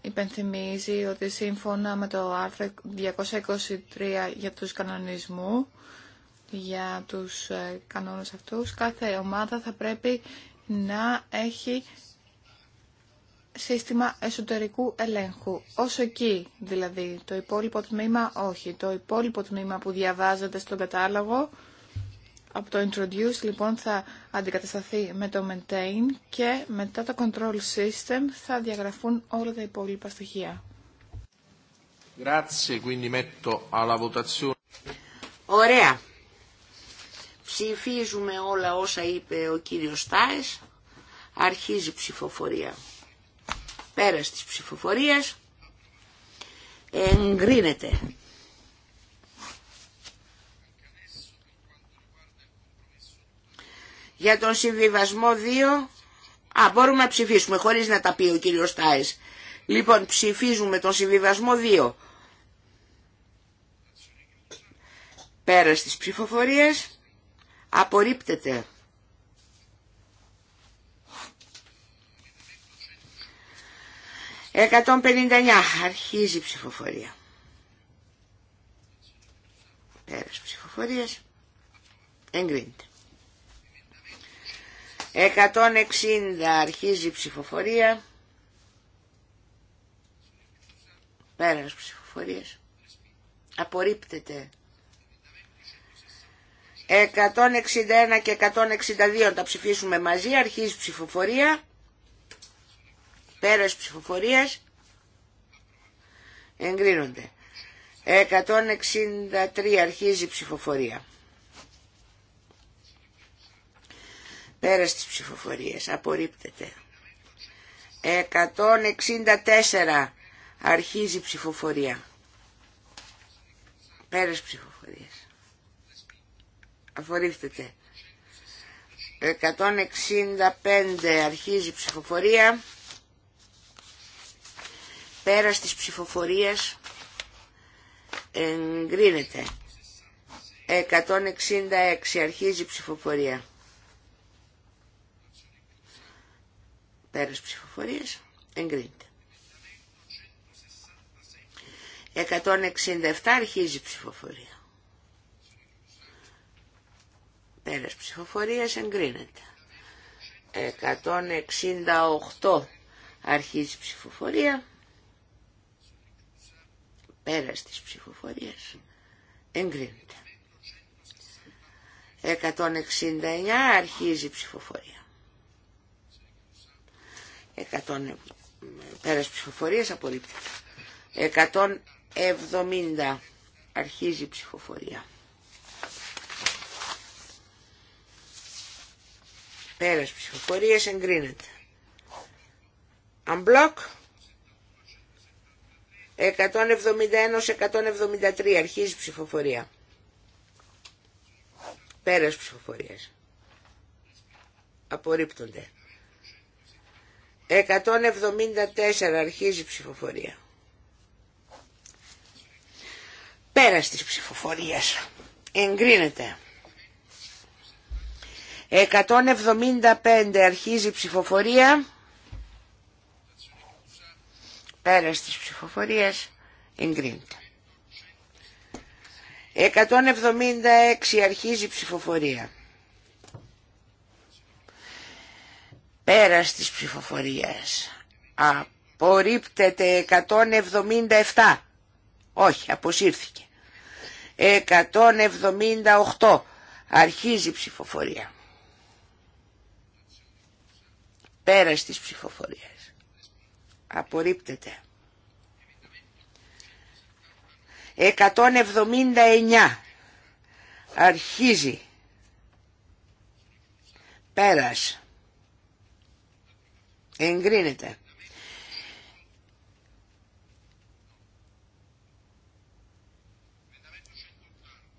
Υπενθυμίζει ότι σύμφωνα με το άρθρο 223 για τους κανονισμού, για τους ε, κανόνες αυτούς, κάθε ομάδα θα πρέπει να έχει σύστημα εσωτερικού ελέγχου. Όσο εκεί δηλαδή, το υπόλοιπο τμήμα όχι. Το υπόλοιπο τμήμα που διαβάζεται στον κατάλογο από το Introduce λοιπόν θα αντικατασταθεί με το Maintain και μετά το Control System θα διαγραφούν όλα τα υπόλοιπα στοιχεία. Ωραία. Ψηφίζουμε όλα όσα είπε ο κύριος Στάες. Αρχίζει η ψηφοφορία. Πέρας της ψηφοφορίας εγκρίνεται. Για τον συμβιβασμό 2, α, μπορούμε να ψηφίσουμε χωρίς να τα πει ο κύριος Τάις. Λοιπόν, ψηφίζουμε τον συμβιβασμό 2. Πέρα στις ψηφοφορίες, απορρίπτεται. Εκατόν αρχίζει η ψηφοφορία. Πέρας ψηφοφορίες, εγκρίνεται. 160 αρχίζει ψηφοφορία. Πέρας ψηφοφορίας. Απορρίπτεται. 161 και 162 τα ψηφίσουμε μαζί. Αρχίζει ψηφοφορία. Πέρας ψηφοφορίας. Εγκρίνονται. 163 αρχίζει ψηφοφορία. Πέρα στις ψηφοφορίες. Απορρίπτεται. 164. Αρχίζει η ψηφοφορία. Πέρα ψηφοφορίες. Απορρίπτεται. 165. Αρχίζει η ψηφοφορία. Πέρα της ψηφοφορίας. Εγκρίνεται. 166. Αρχίζει η ψηφοφορία. Πέρας ψηφοφορίας εγκρίνεται. 167 αρχίζει η ψηφοφορία. Πέρας ψηφοφορίας εγκρίνεται. 168 αρχίζει η ψηφοφορία. Πέρας της ψηφοφορίας εγκρίνεται. 169 αρχίζει η ψηφοφορία. 100 πέρας ψηφοφορίας απορρίπτεται 170 αρχίζει η ψηφοφορία πέρας ψηφοφορίας εγκρίνεται Unblock 171-173 αρχίζει η ψηφοφορία πέρας ψηφοφορίας απορρίπτονται 174 αρχίζει ψηφοφορία. Πέρας της ψηφοφορίας. Εγκρίνεται. 175 αρχίζει ψηφοφορία. Πέρας της ψηφοφορίας. Εγκρίνεται. 176 αρχίζει ψηφοφορία. Πέρας της ψηφοφορίας. Απορρίπτεται 177. Όχι, αποσύρθηκε. 178. Αρχίζει η ψηφοφορία. Πέρας της ψηφοφορίας. Απορρίπτεται. 179. Αρχίζει. Πέρας. Εγκρίνεται.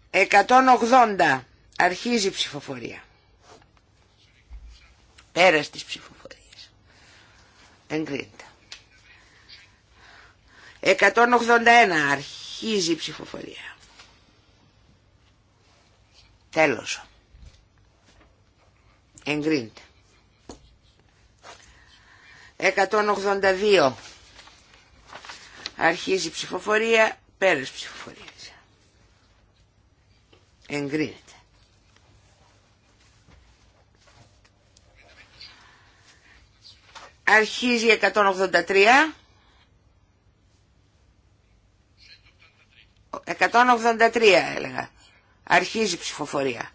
Εκατόν Αρχίζει η ψηφοφορία. Πέρας της ψηφοφορίας. Εγκρίνεται. 181 αρχίζει η ψηφοφορία. Τέλος. Εγκρίνεται. 182. Αρχίζει η ψηφοφορία, πέρας ψηφοφορίας. Εγκρίνεται. Αρχίζει 183. 183 έλεγα. Αρχίζει η ψηφοφορία.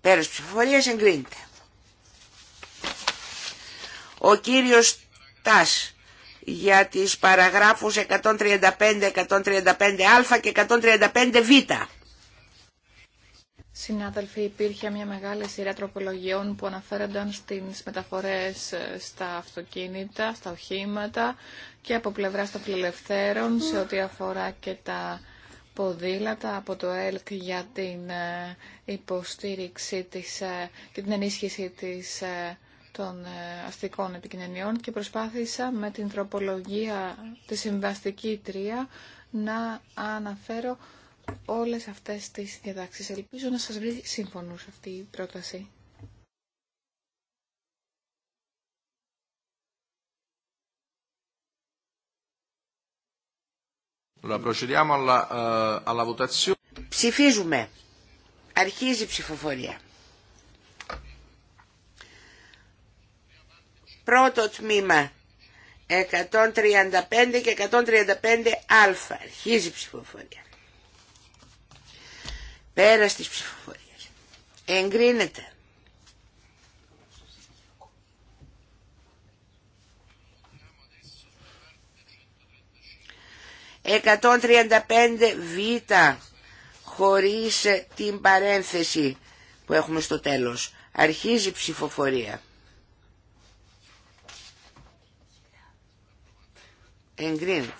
Πέρας ψηφοφορίας εγκρίνεται. Ο κύριος Τάς για τις παραγράφους 135, 135α και 135β. Συνάδελφοι, υπήρχε μια μεγάλη σειρά τροπολογιών που αναφέρονταν στις μεταφορές στα αυτοκίνητα, στα οχήματα και από πλευρά των φιλελευθέρων σε ό,τι αφορά και τα ποδήλατα από το ΕΛΚ για την ε, υποστήριξη της, και ε, την ενίσχυση της ε, των ε, αστικών επικοινωνιών και προσπάθησα με την τροπολογία τη συμβαστική τρία να αναφέρω όλες αυτές τις διαδάξεις. Ελπίζω να σας βρει σύμφωνος αυτή η πρόταση. Eh, Ψηφίζουμε. Αρχίζει η ψηφοφορία. Πρώτο τμήμα 135 και 135α. Αρχίζει η ψηφοφορία. Πέρα τη ψηφοφορία. Εγκρίνεται. εγκρίνεται. τριάντα β χωρίς την παρένθεση που έχουμε στο τέλος. Αρχίζει η ψηφοφορία. εγκρίνεται.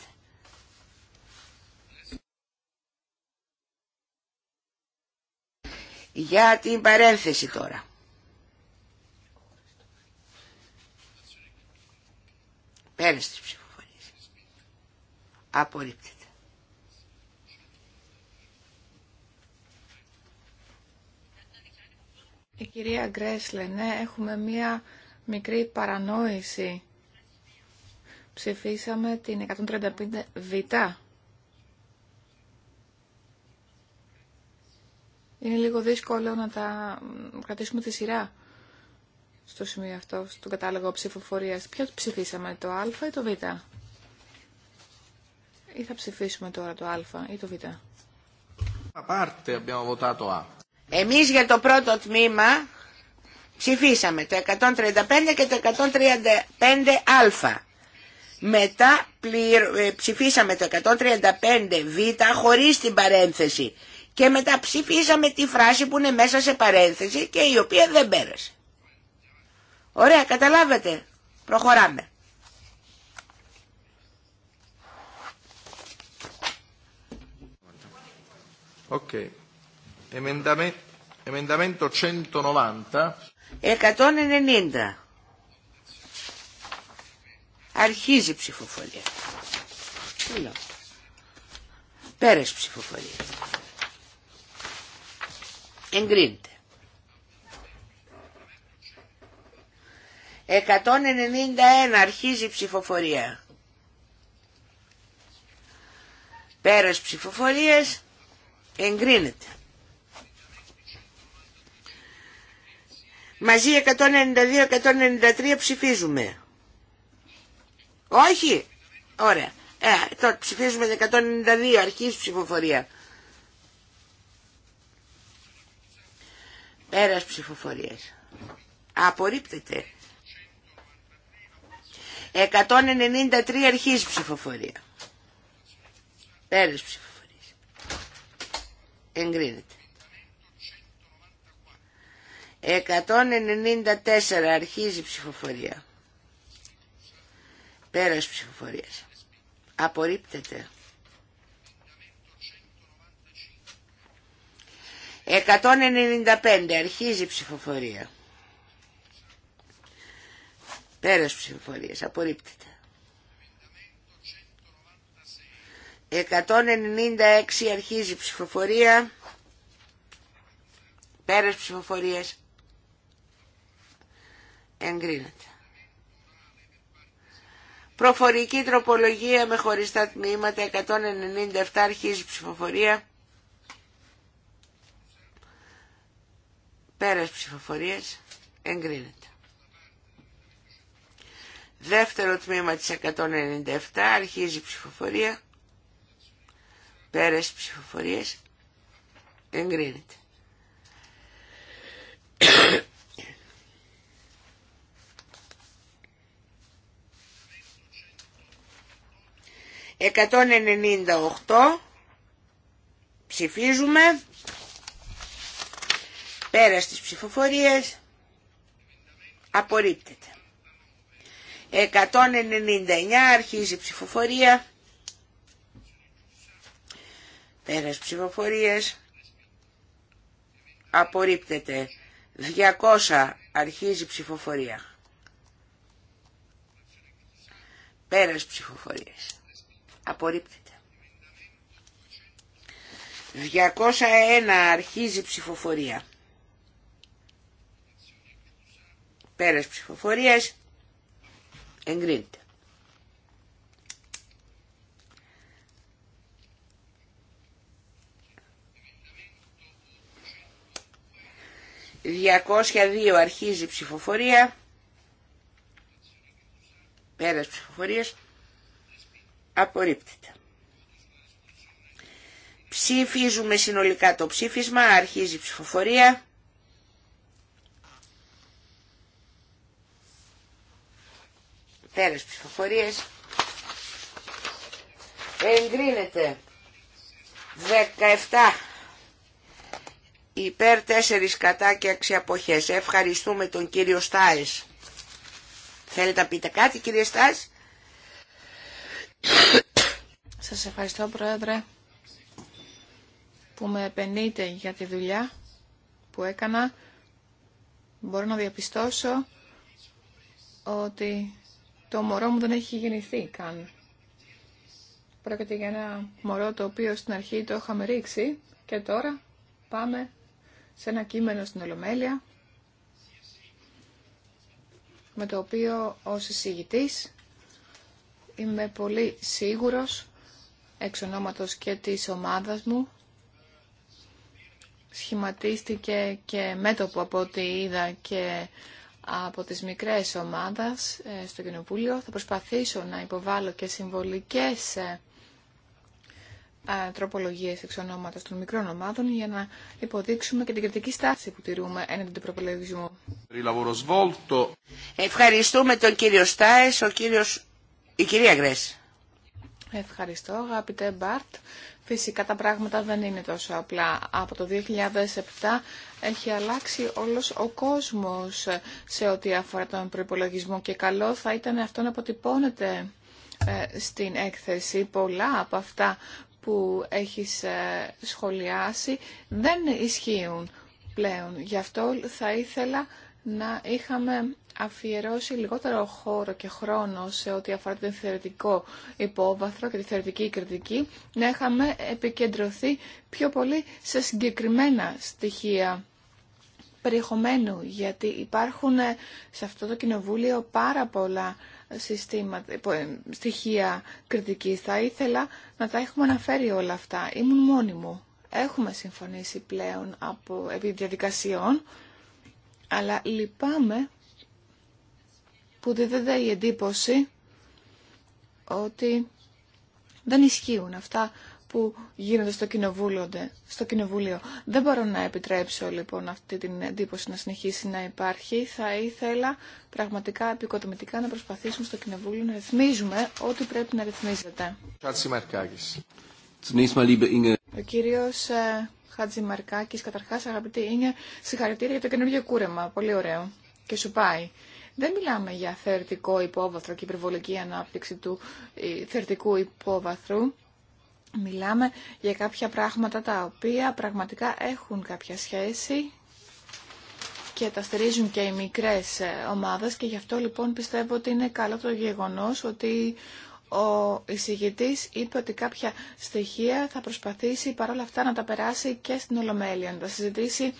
Για την παρένθεση τώρα. Πέρα τις ψηφοφορίες. Απορρίπτεται. Η ε, κυρία Γκρέσλε, ναι, έχουμε μία μικρή παρανόηση ψηφίσαμε την 135 Β. Είναι λίγο δύσκολο να τα κρατήσουμε τη σειρά στο σημείο αυτό, στο κατάλογο ψηφοφορίας. Ποιο ψηφίσαμε, το Α ή το Β. Ή θα ψηφίσουμε τώρα το Α ή το Β. Εμείς για το πρώτο τμήμα ψηφίσαμε το 135 και το 135α. Μετά ε, ψηφίσαμε το 135β χωρίς την παρένθεση και μετά ψηφίσαμε τη φράση που είναι μέσα σε παρένθεση και η οποία δεν πέρασε. Ωραία, καταλάβατε. Προχωράμε. Ok. Emendamento 190. 190. Αρχίζει η ψηφοφορία. Πέρας ψηφοφορία. Εγκρίνεται. 191 αρχίζει η ψηφοφορία. Πέρας ψηφοφορίας εγκρίνεται. Μαζί 192-193 ψηφίζουμε. Όχι. Ωραία. Ε, τώρα ψηφίζουμε 192 αρχής ψηφοφορία. Πέρας ψηφοφορίες. Απορρίπτεται. 193 αρχής ψηφοφορία. Πέρας ψηφοφορίες. Εγκρίνεται. 194 αρχίζει ψηφοφορία. Πέρας ψηφοφορίας. Απορρίπτεται. 195. Αρχίζει ψηφοφορία. Πέρας ψηφοφορίας. Απορρίπτεται. 196. Αρχίζει ψηφοφορία. Πέρας ψηφοφορίας. Εγκρίνεται. Προφορική τροπολογία με χωριστά τμήματα 197 αρχίζει ψηφοφορία. Πέρας ψηφοφορίες, εγκρίνεται. Δεύτερο τμήμα της 197 αρχίζει ψηφοφορία. Πέρας ψηφοφορίες, εγκρίνεται. 198 ψηφίζουμε πέρα στις ψηφοφορίες απορρίπτεται 199 αρχίζει ψηφοφορία πέρας ψηφοφορίες απορρίπτεται 200 αρχίζει ψηφοφορία πέρας ψηφοφορίες Απορρίπτεται. 201 αρχίζει ψηφοφορία. Πέρας ψηφοφορίας εγκρίνεται. 202 αρχίζει ψηφοφορία. Πέρας ψηφοφορίας Απορρίπτεται. Ψηφίζουμε συνολικά το ψήφισμα. Αρχίζει η ψηφοφορία. Πέρας ψηφοφορίες. Εγκρίνεται. 17 υπέρ 4 κατά και Ευχαριστούμε τον κύριο Στάις. Θέλετε να πείτε κάτι κύριε Στάις. Σας ευχαριστώ Πρόεδρε που με επενείτε για τη δουλειά που έκανα. Μπορώ να διαπιστώσω ότι το μωρό μου δεν έχει γεννηθεί καν. Πρόκειται για ένα μωρό το οποίο στην αρχή το είχαμε ρίξει και τώρα πάμε σε ένα κείμενο στην Ολομέλεια με το οποίο ως εισηγητής Είμαι πολύ σίγουρος, εξ ονόματος και της ομάδας μου, σχηματίστηκε και μέτωπο από ό,τι είδα και από τις μικρές ομάδες ε, στο Κοινοβούλιο. Θα προσπαθήσω να υποβάλω και συμβολικές ε, ε, τροπολογίες εξ ονόματος των μικρών ομάδων για να υποδείξουμε και την κριτική στάση που τηρούμε έναντι του προπολογισμού. Ευχαριστούμε τον κύριο Στάες, ο κύριος η κυρία Γκρέσ. Ευχαριστώ, αγαπητέ Μπάρτ. Φυσικά τα πράγματα δεν είναι τόσο απλά. Από το 2007 έχει αλλάξει όλος ο κόσμος σε ό,τι αφορά τον προϋπολογισμό και καλό θα ήταν αυτό να αποτυπώνεται ε, στην έκθεση. Πολλά από αυτά που έχεις ε, σχολιάσει δεν ισχύουν πλέον. Γι' αυτό θα ήθελα να είχαμε αφιερώσει λιγότερο χώρο και χρόνο σε ό,τι αφορά το θεωρητικό υπόβαθρο και τη θεωρητική κριτική, να είχαμε επικεντρωθεί πιο πολύ σε συγκεκριμένα στοιχεία περιεχομένου, γιατί υπάρχουν σε αυτό το κοινοβούλιο πάρα πολλά συστήματα, στοιχεία κριτικής. Θα ήθελα να τα έχουμε αναφέρει όλα αυτά. Ήμουν μόνη μου. Έχουμε συμφωνήσει πλέον από, επί αλλά λυπάμαι που δίδεται η εντύπωση ότι δεν ισχύουν αυτά που γίνονται στο κοινοβούλιο, στο Δεν μπορώ να επιτρέψω λοιπόν αυτή την εντύπωση να συνεχίσει να υπάρχει. Θα ήθελα πραγματικά επικοδομητικά να προσπαθήσουμε στο κοινοβούλιο να ρυθμίζουμε ό,τι πρέπει να ρυθμίζεται. Ο κύριος ε, Χατζημαρκάκης. καταρχά αγαπητοί, είναι συγχαρητήρια για το καινούργιο κούρεμα. Πολύ ωραίο. Και σου πάει. Δεν μιλάμε για θεωρητικό υπόβαθρο και υπερβολική ανάπτυξη του ε, θεωρητικού υπόβαθρου. Μιλάμε για κάποια πράγματα τα οποία πραγματικά έχουν κάποια σχέση και τα στηρίζουν και οι μικρές ε, ομάδες και γι' αυτό λοιπόν πιστεύω ότι είναι καλό το γεγονός ότι ο εισηγητής είπε ότι κάποια στοιχεία θα προσπαθήσει παρόλα αυτά να τα περάσει και στην Ολομέλεια, να τα συζητήσει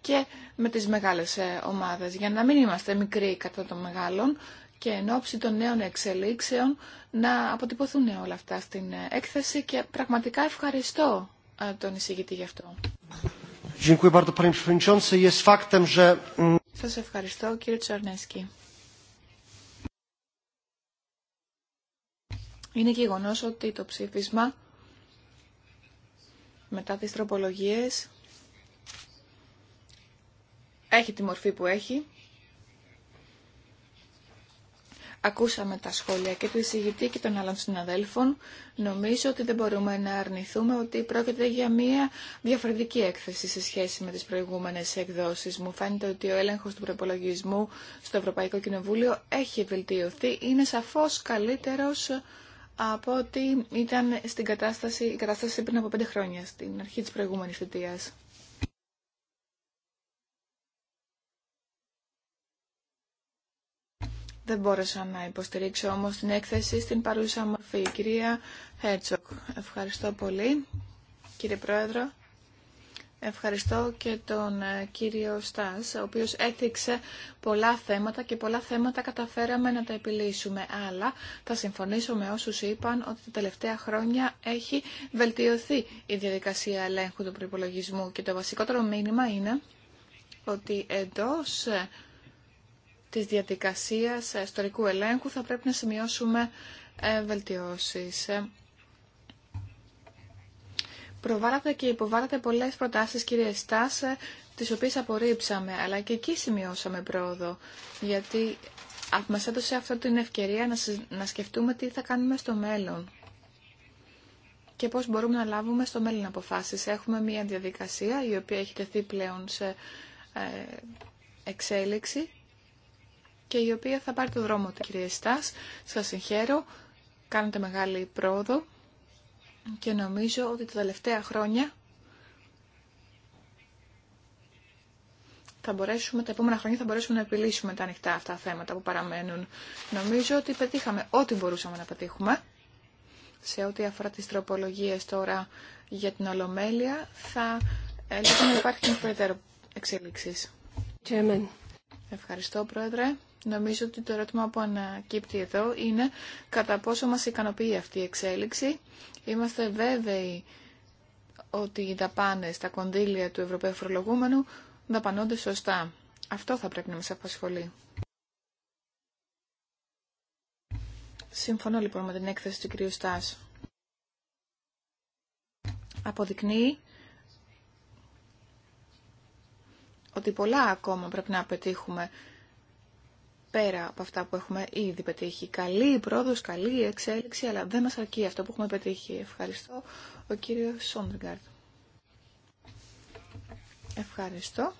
και με τις μεγάλες ε, ομάδες, για να μην είμαστε μικροί κατά των μεγάλων και εν ώψη των νέων εξελίξεων να αποτυπωθούν όλα αυτά στην ε, έκθεση και πραγματικά ευχαριστώ ε, τον εισηγητή γι' αυτό. Mm, Σας ευχαριστώ κύριε Τσορνέσκι. Είναι γεγονό ότι το ψήφισμα μετά τις τροπολογίες έχει τη μορφή που έχει. Ακούσαμε τα σχόλια και του εισηγητή και των άλλων συναδέλφων. Νομίζω ότι δεν μπορούμε να αρνηθούμε ότι πρόκειται για μια διαφορετική έκθεση σε σχέση με τις προηγούμενες εκδόσεις. Μου φαίνεται ότι ο έλεγχος του προπολογισμού στο Ευρωπαϊκό Κοινοβούλιο έχει βελτιωθεί. Είναι σαφώς καλύτερος από ότι ήταν στην κατάσταση, η κατάσταση πριν από πέντε χρόνια, στην αρχή της προηγούμενης θητείας. Δεν μπόρεσα να υποστηρίξω όμως την έκθεση στην παρούσα μορφή. Κυρία Χέρτσοκ, ευχαριστώ πολύ. Κύριε Πρόεδρο, Ευχαριστώ και τον ε, κύριο Στάς, ο οποίος έθιξε πολλά θέματα και πολλά θέματα καταφέραμε να τα επιλύσουμε. Αλλά θα συμφωνήσω με όσους είπαν ότι τα τελευταία χρόνια έχει βελτιωθεί η διαδικασία ελέγχου του προϋπολογισμού και το βασικότερο μήνυμα είναι ότι εντός ε, της διαδικασίας ε, ιστορικού ελέγχου θα πρέπει να σημειώσουμε βελτιώσεις προβάλλατε και υποβάλλατε πολλές προτάσεις, κύριε Στάς, τις οποίες απορρίψαμε, αλλά και εκεί σημειώσαμε πρόοδο, γιατί μας έδωσε αυτή την ευκαιρία να, σκεφτούμε τι θα κάνουμε στο μέλλον και πώς μπορούμε να λάβουμε στο μέλλον αποφάσεις. Έχουμε μια διαδικασία η οποία έχει τεθεί πλέον σε ε, εξέλιξη και η οποία θα πάρει το δρόμο του. Κύριε Στάς, σας συγχαίρω, κάνετε μεγάλη πρόοδο και νομίζω ότι τα τελευταία χρόνια θα μπορέσουμε, τα επόμενα χρόνια θα μπορέσουμε να επιλύσουμε τα ανοιχτά αυτά θέματα που παραμένουν. Νομίζω ότι πετύχαμε ό,τι μπορούσαμε να πετύχουμε. Σε ό,τι αφορά τις τροπολογίες τώρα για την Ολομέλεια, θα έλεγα να υπάρχει περαιτέρω εξέλιξεις. Chairman. Ευχαριστώ, Πρόεδρε. Νομίζω ότι το ερώτημα που ανακύπτει εδώ είναι κατά πόσο μας ικανοποιεί αυτή η εξέλιξη Είμαστε βέβαιοι ότι οι δαπάνες, τα κονδύλια του Ευρωπαίου Φορολογούμενου δαπανώνται σωστά. Αυτό θα πρέπει να μας απασχολεί. Συμφωνώ λοιπόν με την έκθεση του κ. Στάς. Αποδεικνύει ότι πολλά ακόμα πρέπει να πετύχουμε πέρα από αυτά που έχουμε ήδη πετύχει. Καλή πρόοδο, καλή εξέλιξη, αλλά δεν μα αρκεί αυτό που έχουμε πετύχει. Ευχαριστώ. Ο κύριος Σόντεγκάρτ. Ευχαριστώ.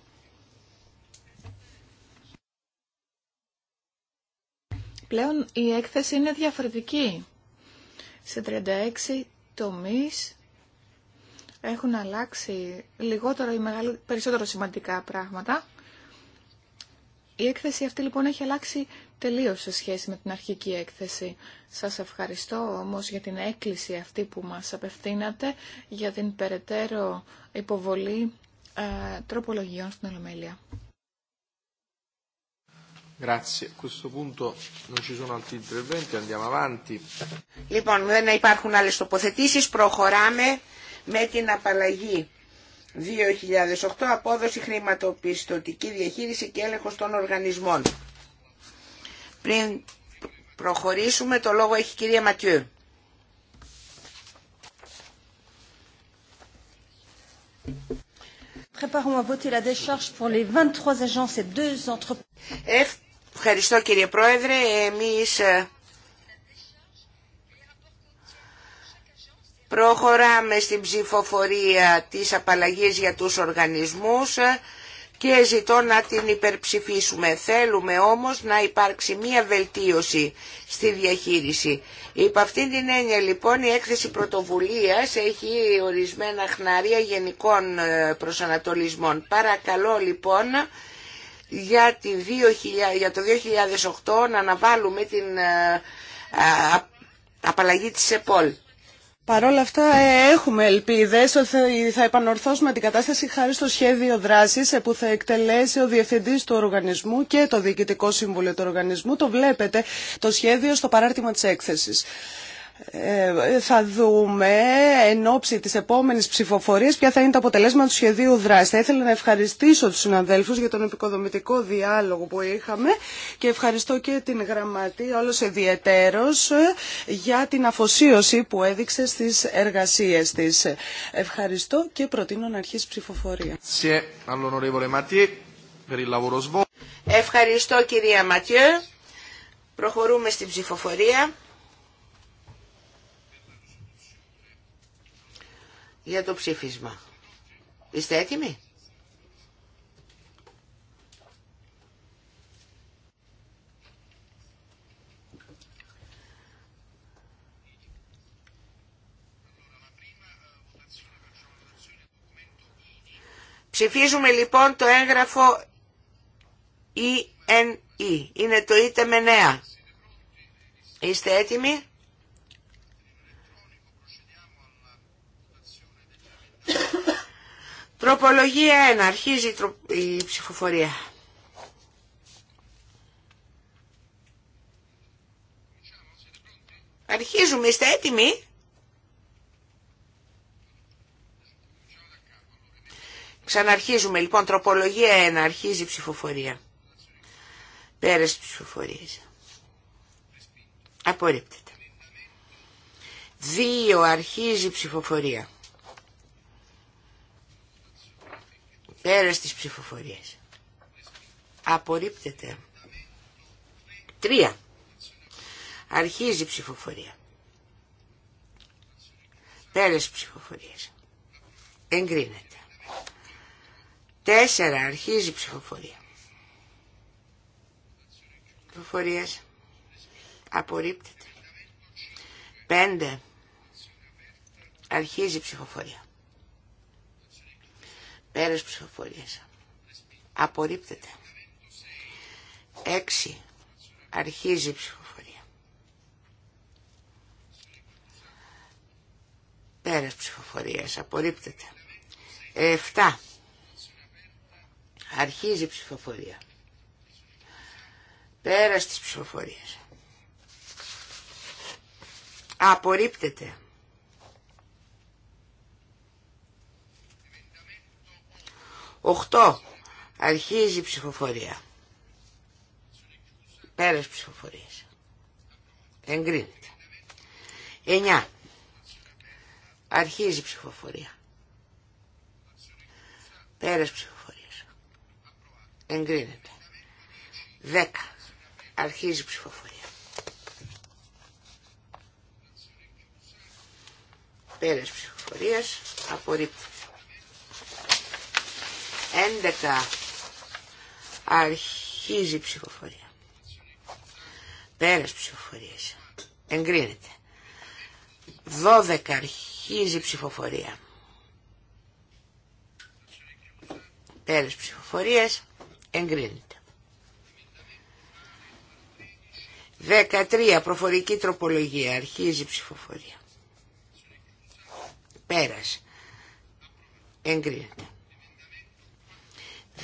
Πλέον η έκθεση είναι διαφορετική. Σε 36 τομείς έχουν αλλάξει λιγότερο ή περισσότερο σημαντικά πράγματα. Η έκθεση αυτή λοιπόν έχει αλλάξει τελείως σε σχέση με την αρχική έκθεση. Σας ευχαριστώ όμως για την έκκληση αυτή που μας απευθύνατε για την περαιτέρω υποβολή ε, τροπολογιών στην Ολομέλεια. Λοιπόν, δεν υπάρχουν άλλες τοποθετήσεις. Προχωράμε με την απαλλαγή 2008 απόδοση χρηματοπιστωτική διαχείριση και έλεγχος των οργανισμών. Πριν προχωρήσουμε, το λόγο έχει η κυρία Ματιού. Ευχαριστώ κύριε Πρόεδρε. Εμείς ε, Προχωράμε στην ψηφοφορία της απαλλαγής για τους οργανισμούς και ζητώ να την υπερψηφίσουμε. Θέλουμε όμως να υπάρξει μία βελτίωση στη διαχείριση. Υπ' αυτήν την έννοια λοιπόν η έκθεση πρωτοβουλίας έχει ορισμένα χνάρια γενικών ε, προσανατολισμών. Παρακαλώ λοιπόν για, τη 2000, για το 2008 να αναβάλουμε την ε, απαλλαγή της ΕΠΟΛ. Παρ' όλα αυτά ε, έχουμε ελπίδες ότι θα επανορθώσουμε την κατάσταση χάρη στο σχέδιο δράσης ε, που θα εκτελέσει ο Διευθυντής του Οργανισμού και το Διοικητικό Σύμβουλο του Οργανισμού. Το βλέπετε το σχέδιο στο παράρτημα της έκθεσης. Ε, θα δούμε εν ώψη της επόμενης ψηφοφορίας ποια θα είναι τα αποτελέσματα του σχεδίου δράσης. Θα ήθελα να ευχαριστήσω τους συναδέλφους για τον επικοδομητικό διάλογο που είχαμε και ευχαριστώ και την γραμματεία όλος ιδιαιτέρως ε, για την αφοσίωση που έδειξε στις εργασίες της. Ευχαριστώ και προτείνω να αρχίσει ψηφοφορία. Ευχαριστώ κυρία Ματιέ. Προχωρούμε στην ψηφοφορία. για το ψήφισμα. Είστε έτοιμοι? Ψηφίζουμε λοιπόν το έγγραφο ENE. E. Είναι το ΙΤΕ με νέα. Είστε έτοιμοι? Τροπολογία 1. Αρχίζει η ψηφοφορία. Αρχίζουμε. Είστε έτοιμοι. Ξαναρχίζουμε. Λοιπόν, τροπολογία 1. Αρχίζει η ψηφοφορία. τη ψηφοφορία. Απορρίπτεται. 2. Αρχίζει η ψηφοφορία. Πέρας της ψηφοφορίας. Απορρίπτεται. Τρία. Αρχίζει η ψηφοφορία. Πέρας της ψηφοφορίας. Εγκρίνεται. Τέσσερα. Αρχίζει η ψηφοφορία. Ψηφοφορία. Απορρίπτεται. Πέντε. Αρχίζει η ψηφοφορία. Πέρας ψηφοφορίας. Απορρίπτεται. Έξι. Αρχίζει η ψηφοφορία. Πέρας ψηφοφορίας. Απορρίπτεται. Εφτά. Αρχίζει η ψηφοφορία. Πέρας της ψηφοφορίες. Απορρίπτεται. 8. Αρχίζει η ψηφοφορία. Πέρας ψηφοφορίας. Εγκρίνεται. 9. Αρχίζει η ψηφοφορία. Πέρας ψηφοφορίας. Εγκρίνεται. 10. Αρχίζει η ψηφοφορία. Πέρας ψηφοφορίας. Απορρίπτω. 11 αρχίζει η ψηφοφορία. Πέρας ψυχοφορίες. Εγκρίνεται. 12 αρχίζει η ψηφοφορία. Πέρας ψυχοφορίες. Εγκρίνεται. 13 προφορική τροπολογία. Αρχίζει η ψηφοφορία. Πέρας. Εγκρίνεται.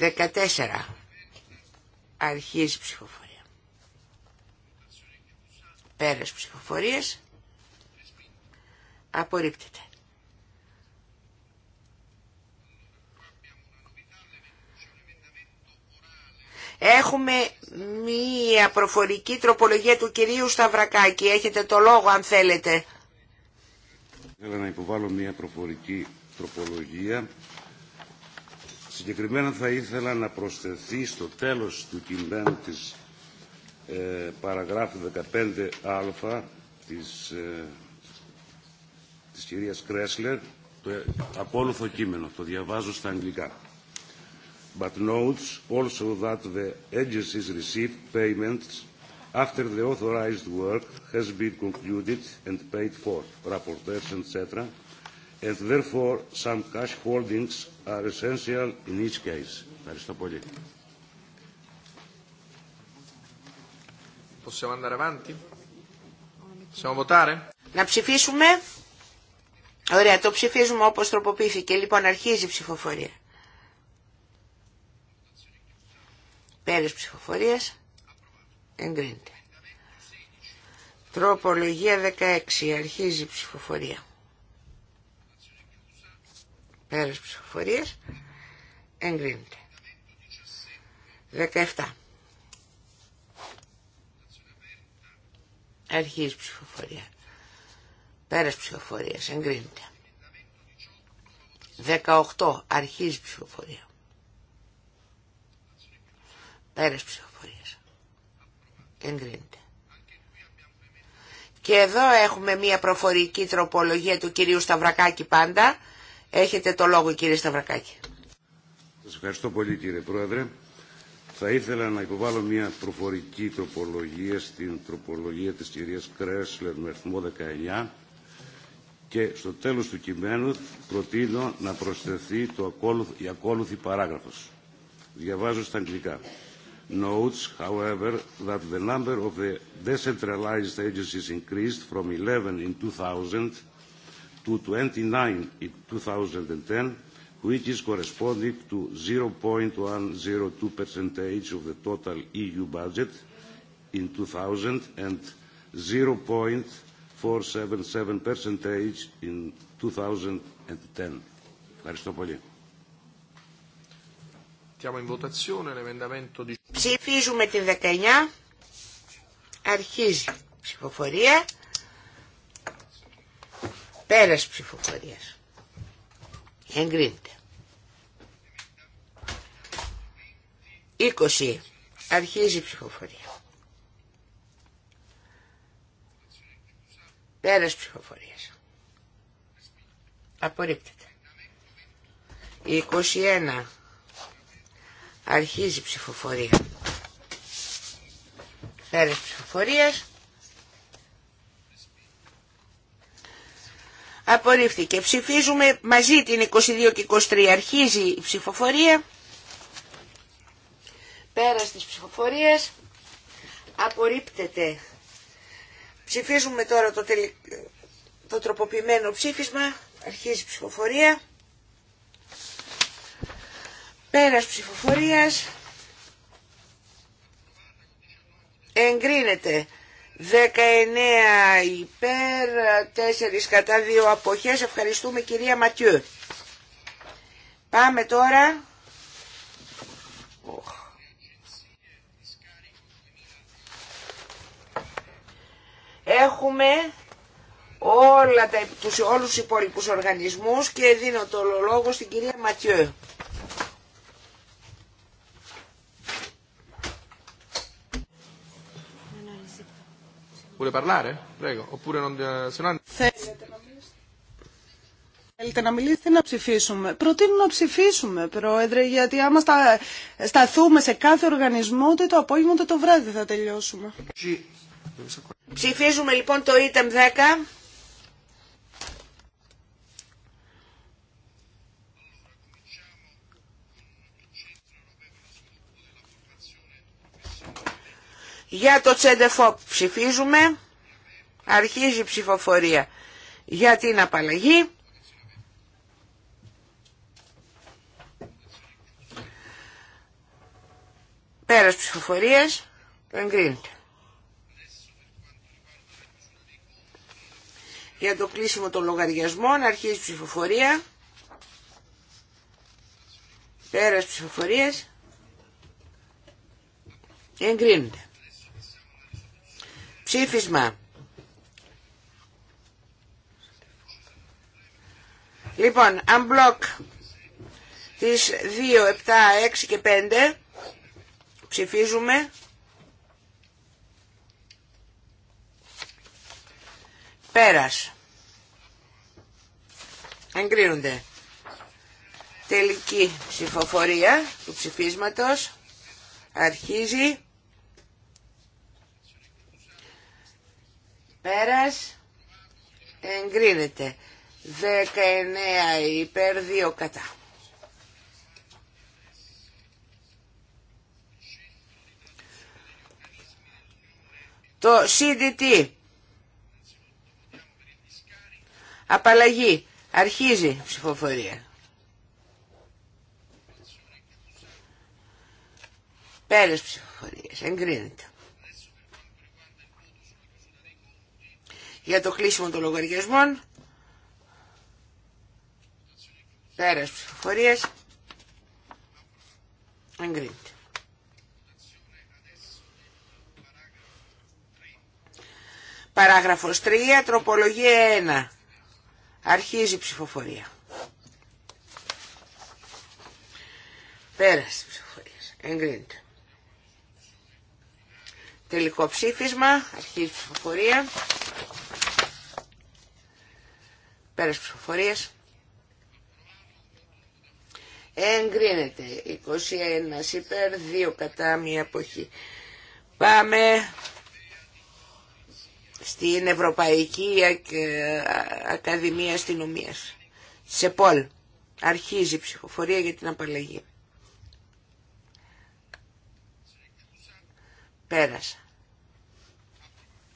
14. Αρχίζει ψηφοφορία. Πέρας ψηφοφορίες. Απορρίπτεται. Έχουμε μία προφορική τροπολογία του κυρίου Σταυρακάκη. Έχετε το λόγο αν θέλετε. Θέλω να υποβάλω μία προφορική τροπολογία Συγκεκριμένα θα ήθελα να προσθεθεί στο τέλος του κειμένου της ε, παραγράφου 15α της, ε, της κυρίας Κρέσλερ το ε, απόλυτο κείμενο, το διαβάζω στα αγγλικά. But notes also that the agencies receive payments after the authorized work has been concluded and paid for, rapporteurs, etc., and therefore some cash holdings are essential in each case. Ευχαριστώ πολύ. Possiamo andare avanti? Possiamo votare? Να ψηφίσουμε. Ωραία, το ψηφίζουμε όπως τροποποιήθηκε. Λοιπόν, αρχίζει η ψηφοφορία. Πέρας ψηφοφορίας. Εγκρίνεται. Τροπολογία 16. Αρχίζει η ψηφοφορία. Πέρας ψηφοφορίας εγκρίνεται. 17. Αρχής ψηφοφορία. Πέρας ψηφοφορίας εγκρίνεται. 18. Αρχής ψηφοφορία. Πέρας ψηφοφορίας εγκρίνεται. Και εδώ έχουμε μία προφορική τροπολογία του κυρίου Σταυρακάκη πάντα Έχετε το λόγο κύριε Σταυρακάκη. Σας ευχαριστώ πολύ κύριε Πρόεδρε. Θα ήθελα να υποβάλω μια προφορική τροπολογία στην τροπολογία της κυρίας Κρέσλερ με αριθμό 19 και στο τέλος του κειμένου προτείνω να προσθεθεί το ακόλουθ, η ακόλουθη παράγραφος. Διαβάζω στα αγγλικά. Notes, however, that the number of the decentralized agencies increased from 11 in 2000 to 29 in 2010, which is corresponding to 0.102% of the total EU budget in 2000 and 0.477% in 2010. Ευχαριστώ πολύ. Ψηφίζουμε τη 19. Αρχίζει η ψηφοφορία. Πέρας ψηφοφορίας. Εγκρίνεται. 20. Αρχίζει η ψηφοφορία. Πέρας ψηφοφορίας. Απορρίπτεται. 21. Αρχίζει η ψηφοφορία. Πέρας ψηφοφορίας. Απορρίφθηκε. Ψηφίζουμε μαζί την 22 και 23. Αρχίζει η ψηφοφορία. Πέρα της ψηφοφορίες. Απορρίπτεται. Ψηφίζουμε τώρα το, το τροποποιημένο ψήφισμα. Αρχίζει η ψηφοφορία. Πέρας ψηφοφορίας. Εγκρίνεται. 19 υπέρ, 4 κατά 2 αποχές. Ευχαριστούμε κυρία Ματιού. Πάμε τώρα. Έχουμε όλα τα, τους, όλους τους υπόλοιπους οργανισμούς και δίνω το λόγο στην κυρία Ματιού. Eh, Θέλετε να μιλήσετε ή να ψηφίσουμε. Προτείνω να ψηφίσουμε, Πρόεδρε, γιατί άμα στα, σταθούμε σε κάθε οργανισμό, ούτε το απόγευμα, ούτε το βράδυ θα τελειώσουμε. Ψηφίζουμε λοιπόν το item 10. Για το τσεντεφόπ ψηφίζουμε. Αρχίζει η ψηφοφορία για την απαλλαγή. Πέρας ψηφοφορίας. Εγκρίνεται. Για το κλείσιμο των λογαριασμών αρχίζει η ψηφοφορία. Πέρας ψηφοφορίας. Εγκρίνεται. Ψήφισμα. Λοιπόν, unblock τις 2, 7, 6 και 5 ψηφίζουμε. Πέρας. Εγκρίνονται. Τελική ψηφοφορία του ψηφίσματος αρχίζει. Πέρας. Εγκρίνεται. 19 υπέρ 2 κατά. το CDT. Απαλλαγή. Αρχίζει η ψηφοφορία. Πέρες ψηφοφορίες. Εγκρίνεται. για το κλείσιμο των λογαριασμών. Πέρας ψηφοφορίας. Εγκρίνεται. Παράγραφος 3, τροπολογία 1. Αρχίζει η ψηφοφορία. Πέρασε η ψηφοφορία. Εγκρίνεται. Τελικό ψήφισμα. Αρχίζει η ψηφοφορία. Πέρας ψηφοφορίας. Εγκρίνεται. 21 υπέρ, 2 κατά, μία εποχή. Πάμε στην Ευρωπαϊκή Ακαδημία Αστυνομίας. Σε πόλ. Αρχίζει η ψηφοφορία για την απαλλαγή. Πέρασα.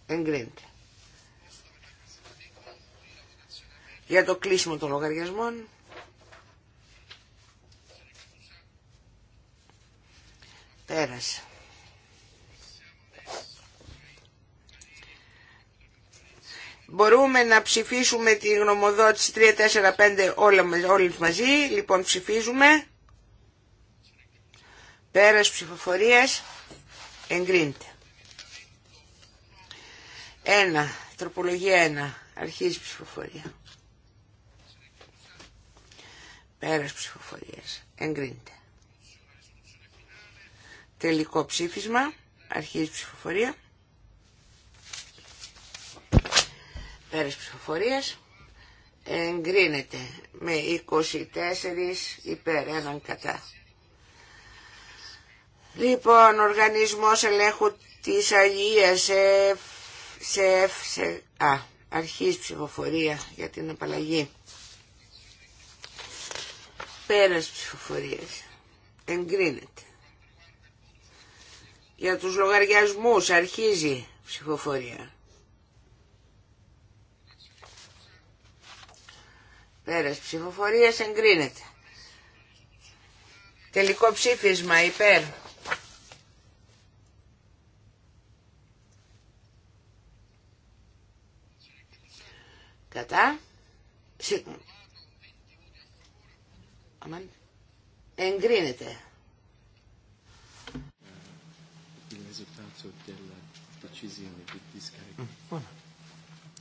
Εγκρίνεται. για το κλείσιμο των λογαριασμών. Πέρασε. Μπορούμε να ψηφίσουμε τη γνωμοδότηση 3, 4, 5 όλα, όλες μαζί. Λοιπόν ψηφίζουμε. Πέρας ψηφοφορίας εγκρίνεται. Ένα. Τροπολογία 1. Αρχίζει ψηφοφορία. Πέρας ψηφοφορίας. Εγκρίνεται. Τελικό ψήφισμα. Αρχής ψηφοφορία. Πέρας ψηφοφορίας. Εγκρίνεται με 24 υπέρ, έναν κατά. Λοιπόν, οργανισμός ελέγχου της Αγίας σε, σε, σε α, αρχής ψηφοφορία για την απαλλαγή πέρας ψηφοφορίας εγκρίνεται. Για τους λογαριασμούς αρχίζει ψηφοφορία. Πέρας ψηφοφορίας εγκρίνεται. Τελικό ψήφισμα υπέρ. Κατά. Εγκρίνεται.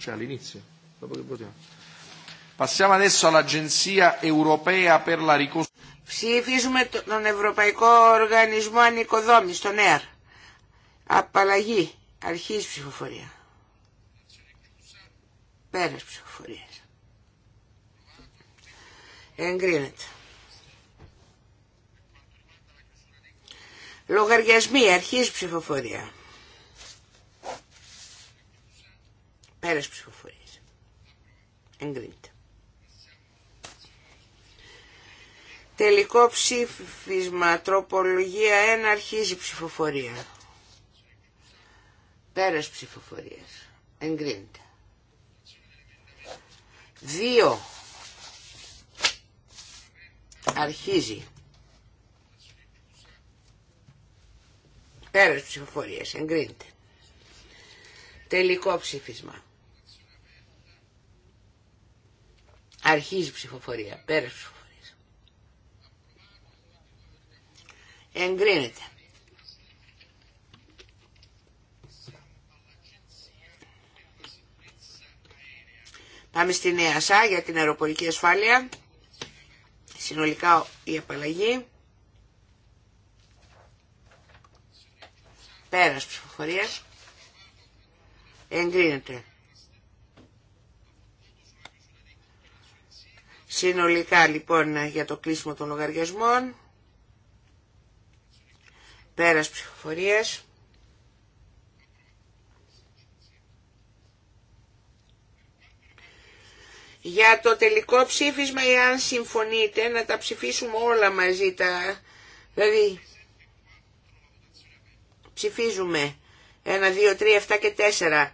Λοιπόν, Passiamo adesso Europea per la Ψηφίζουμε τον Ευρωπαϊκό Οργανισμό Ανοικοδόμης, τον ΕΡ. Απαλλαγή. Αρχής ψηφοφορία. Πέρας ψηφοφορίας. Εγκρίνεται. Λογαριασμοί, Αρχίζει ψηφοφορία. Πέρας ψηφοφορίας. Εγκρίνεται. Τελικό ψήφισμα, τροπολογία 1, αρχίζει ψηφοφορία. Πέρας ψηφοφορίας. Εγκρίνεται. 2. Αρχίζει. Πέρας ψηφοφορίας, εγκρίνεται. Τελικό ψήφισμα. Αρχίζει ψηφοφορία, πέρας ψηφοφορίας. Εγκρίνεται. Πάμε στην ΕΑΣΑ για την αεροπορική ασφάλεια. Συνολικά η απαλλαγή. Πέρας ψηφοφορίας. Εγκρίνεται. Συνολικά λοιπόν για το κλείσιμο των λογαριασμών. Πέρας ψηφοφορίας. Για το τελικό ψήφισμα, εάν συμφωνείτε, να τα ψηφίσουμε όλα μαζί τα... Δηλαδή, Ψηφίζουμε. 1, 2, 3, 7 και 4.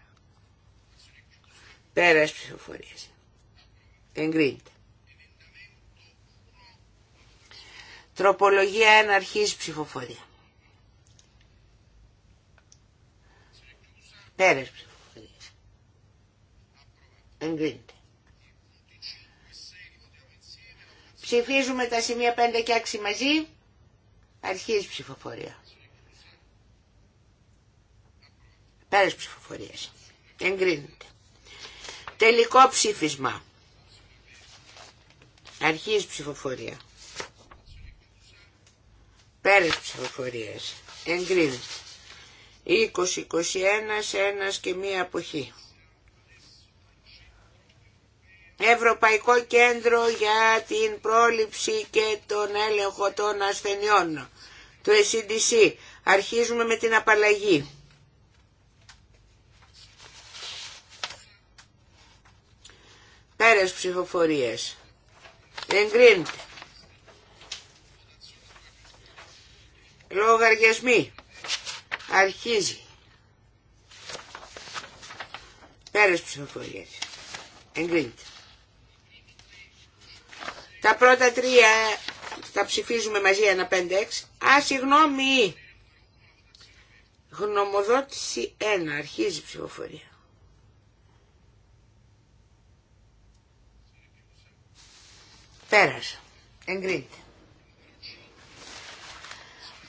Πέρας ψηφοφορίας. Εγκρίνεται. Τροπολογία 1 αρχίζει ψηφοφορία. Πέρας ψηφοφορίας. Εγκρίνεται. Ψηφίζουμε τα σημεία 5 και 6 μαζί. Αρχίζει ψηφοφορία. Πέρες Εγκρίνεται. Τελικό ψήφισμα. Αρχίζει ψηφοφορία. Αρχής ψηφοφοριες Εγκρίνεται. 20, 21, 1 και μία αποχή. Ευρωπαϊκό Κέντρο για την Πρόληψη και τον Έλεγχο των Ασθενειών, το SDC. Αρχίζουμε με την απαλλαγή. Πέρας ψηφοφορίες. Εγκρίνεται. Λογαριασμοί. Αρχίζει. Πέρας ψηφοφορίες. Εγκρίνεται. Τα πρώτα τρία θα ψηφίζουμε μαζί ένα πέντε έξι. Α, συγγνώμη. Γνωμοδότηση 1. Αρχίζει η ψηφοφορία. Πέρασε. Εγκρίνεται.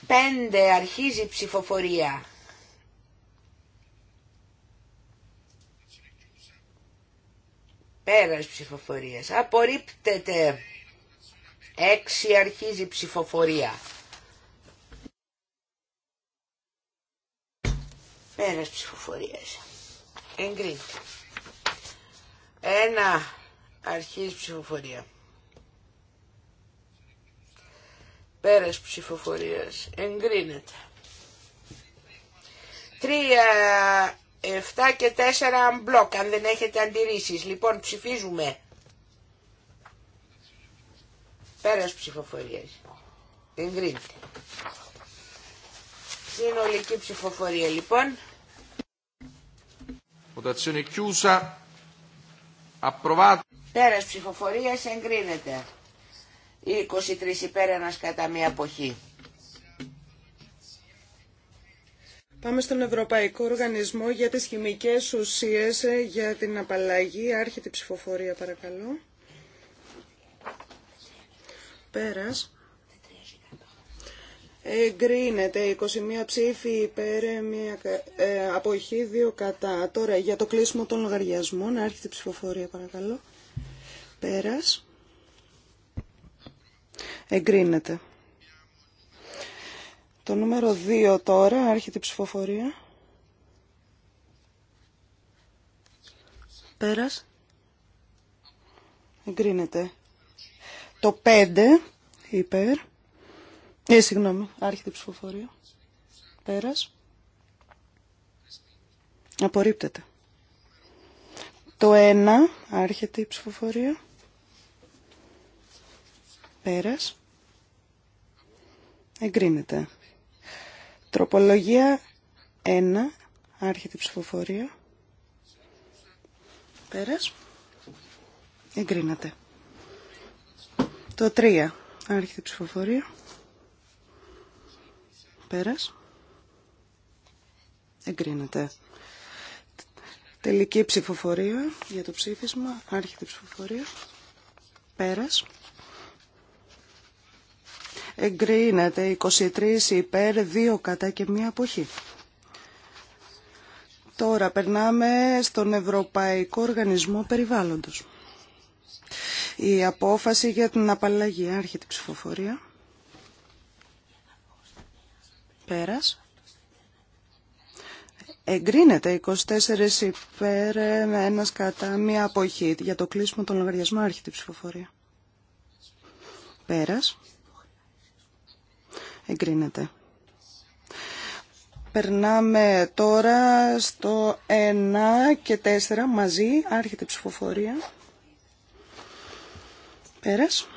Πέντε αρχίζει η ψηφοφορία. Πέρας ψηφοφορίας. Απορρίπτεται. Έξι αρχίζει η ψηφοφορία. Πέρας ψηφοφορίας. Εγκρίνεται. Ένα αρχίζει η ψηφοφορία. Πέρας ψηφοφορίας. Εγκρίνεται. 3, 7 και 4 μπλοκ, αν δεν έχετε αντιρρήσεις. Λοιπόν, ψηφίζουμε. Πέρας ψηφοφορίας. Εγκρίνεται. Συνολική ψηφοφορία, λοιπόν. Votazione chiusa. Approvato. Πέρας ψηφοφορίας εγκρίνεται. 23 υπέρ ένας κατά μία αποχή. Πάμε στον Ευρωπαϊκό Οργανισμό για τις Χημικές Ουσίες ε, για την απαλλαγή. Άρχεται η ψηφοφορία παρακαλώ. Πέρας. Εγκρίνεται 21 ψήφοι υπέρ, ε, μια ε, αποχή, δύο κατά. Τώρα για το κλείσιμο των λογαριασμών, άρχεται η ψηφοφορία παρακαλώ. Πέρας. Εγκρίνεται. Το νούμερο 2 τώρα, άρχεται η ψηφοφορία. Πέρας. Εγκρίνεται. Το 5, υπέρ. Ε, συγγνώμη, άρχεται η ψηφοφορία. Πέρας. Απορρίπτεται. Το 1, άρχεται η ψηφοφορία. Πέρας. Εγκρίνεται. Τροπολογία 1. Άρχεται η ψηφοφορία. Πέρας. Εγκρίνεται. Το 3. Άρχεται η ψηφοφορία. Πέρας. Εγκρίνεται. Τελική ψηφοφορία για το ψήφισμα. Άρχεται η ψηφοφορία. Πέρας εγκρίνεται 23 υπέρ 2 κατά και μία αποχή. Τώρα περνάμε στον Ευρωπαϊκό Οργανισμό Περιβάλλοντος. Η απόφαση για την απαλλαγή. Άρχεται ψηφοφορία. Πέρας. Εγκρίνεται 24 υπέρ 1 κατά μία αποχή. Για το κλείσιμο των λογαριασμών άρχεται ψηφοφορία. Πέρας. Εγκρίνεται. Περνάμε τώρα στο 1 και 4 μαζί. Άρχεται η ψηφοφορία. Πέρας.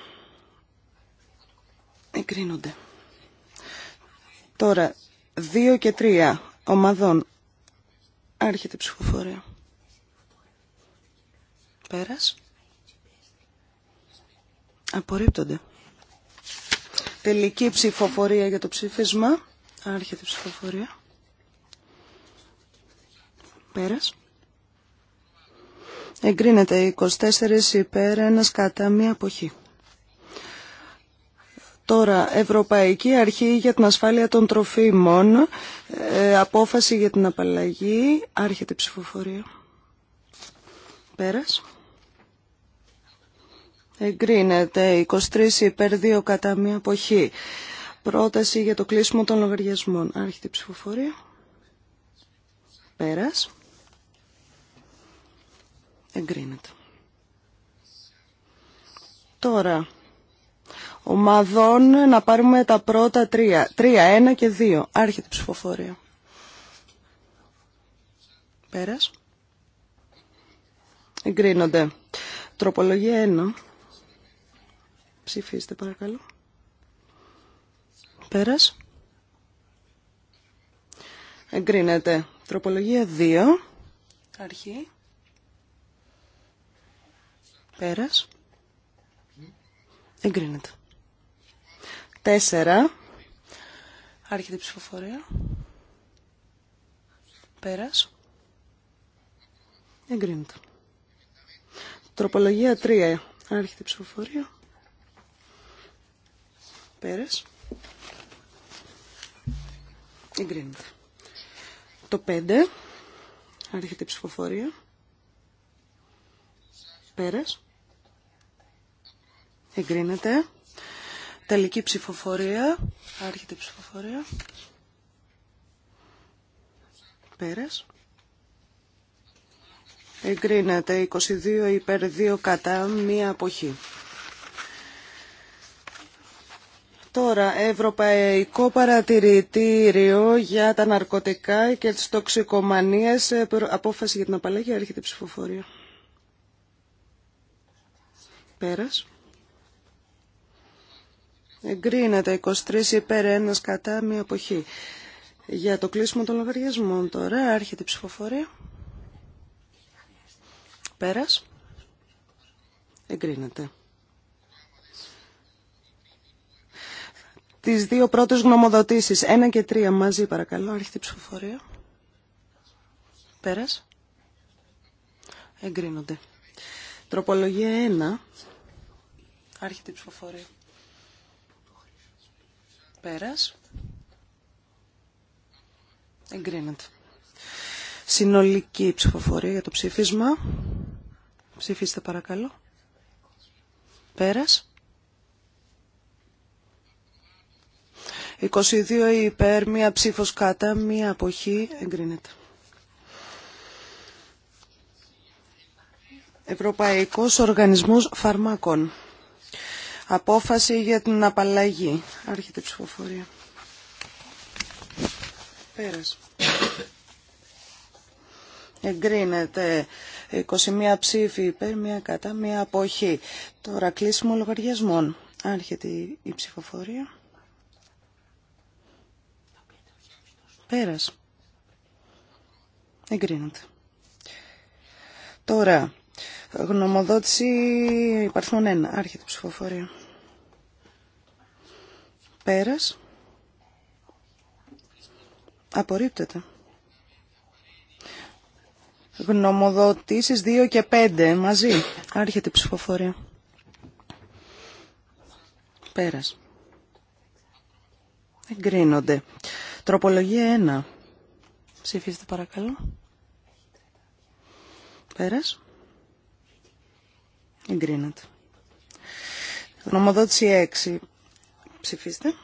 Εγκρίνονται. Τώρα 2 και 3 ομαδών. Άρχεται η ψηφοφορία. Πέρας. Απορρίπτονται. Τελική ψηφοφορία για το ψήφισμα. Άρχεται η ψηφοφορία. Πέρας. Εγκρίνεται 24 υπέρ, 1 κατά μία αποχή. Τώρα, Ευρωπαϊκή Αρχή για την Ασφάλεια των Τροφίμων, ε, απόφαση για την απαλλαγή, άρχεται η ψηφοφορία. Πέρας. Εγκρίνεται 23 υπέρ 2 κατά μία αποχή. Πρόταση για το κλείσιμο των λογαριασμών. Άρχεται η ψηφοφορία. Πέρας. Εγκρίνεται. Τώρα, ομαδών να πάρουμε τα πρώτα τρία. Τρία, ένα και δύο. Άρχεται ψηφοφορία. Πέρας. Εγκρίνονται. Τροπολογία 1. Ψηφίστε παρακαλώ. Πέρας. Εγκρίνεται. Τροπολογία 2. Αρχή. Πέρας. Εγκρίνεται. 4. Άρχεται η ψηφοφορία. Πέρας. Εγκρίνεται. Τροπολογία 3. Άρχεται η ψηφοφορία. Πέρας. Εγκρίνεται. Το 5. Άρχεται η ψηφοφορία. Πέρας. Εγκρίνεται. Τελική ψηφοφορία. Άρχεται ψηφοφορία. Πέρας. Εγκρίνεται 22 υπέρ 2 κατά μία αποχή. Τώρα, Ευρωπαϊκό Παρατηρητήριο για τα Ναρκωτικά και τις Τοξικομανίες, ε, απόφαση για την απαλλαγή, έρχεται η ψηφοφορία. Πέρας. Εγκρίνεται 23 υπέρ 1 κατά μία αποχή. Για το κλείσιμο των λογαριασμών τώρα, έρχεται η ψηφοφορία. Πέρας. Εγκρίνεται. τις δύο πρώτες γνωμοδοτήσεις. Ένα και τρία μαζί παρακαλώ. Άρχιτη ψηφοφορία. Πέρας. Εγκρίνονται. Τροπολογία 1. Άρχιτη ψηφοφορία. Πέρας. Εγκρίνονται. Συνολική ψηφοφορία για το ψήφισμα. Ψηφίστε παρακαλώ. Πέρας. 22 υπέρ, μία ψήφος κατά, μία αποχή εγκρίνεται. Ευρωπαϊκός Οργανισμός Φαρμάκων. Απόφαση για την απαλλαγή. Άρχεται η ψηφοφορία. Πέρας. Εγκρίνεται 21 ψήφοι υπέρ, μία κατά, μία αποχή. Τώρα κλείσιμο λογαριασμών. Άρχεται η ψηφοφορία. Πέρας. Εγκρίνονται. Τώρα, γνωμοδότηση υπαρθμών 1. Άρχεται ψηφοφορία. Πέρας. Απορρίπτεται. Γνωμοδοτήσεις 2 και 5 μαζί. Άρχεται η ψηφοφορία. Πέρας. Εγκρίνονται. Τροπολογία 1. Ψηφίστε παρακαλώ. Πέρας. Εγκρίνεται. Γνωμοδότηση 6. Ψηφίστε.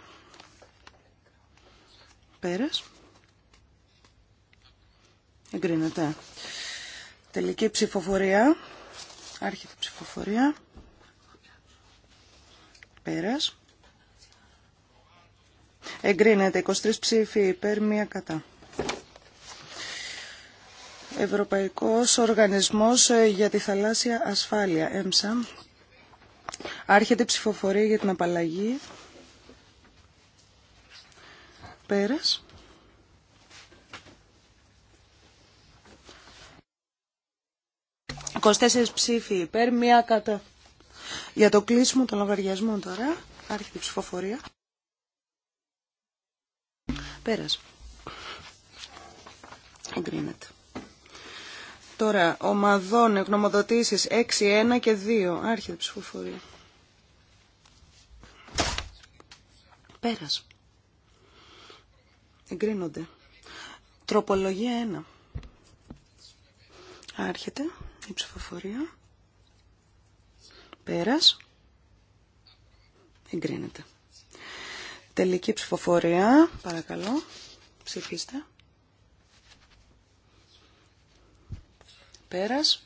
Πέρας. Εγκρίνεται. Τελική ψηφοφορία. Άρχεται ψηφοφορία. Πέρας. Εγκρίνεται 23 ψήφοι υπέρ, μία κατά. Ευρωπαϊκός Οργανισμός ε, για τη Θαλάσσια Ασφάλεια, ΕΜΣΑ. Άρχεται ψηφοφορία για την απαλλαγή. Πέρας. 24 ψήφοι υπέρ, μία κατά. Για το κλείσιμο των λογαριασμών τώρα, άρχεται η ψηφοφορία. Πέρας. Εγκρίνεται. Τώρα, ομαδών, γνωμοδοτήσεις 6, 1 και 2. Άρχεται ψηφοφορία. Πέρας. Εγκρίνονται. Τροπολογία 1. Άρχεται η ψηφοφορία. Πέρας. Εγκρίνεται. Τελική ψηφοφορία. Παρακαλώ. Ψηφίστε. Πέρας.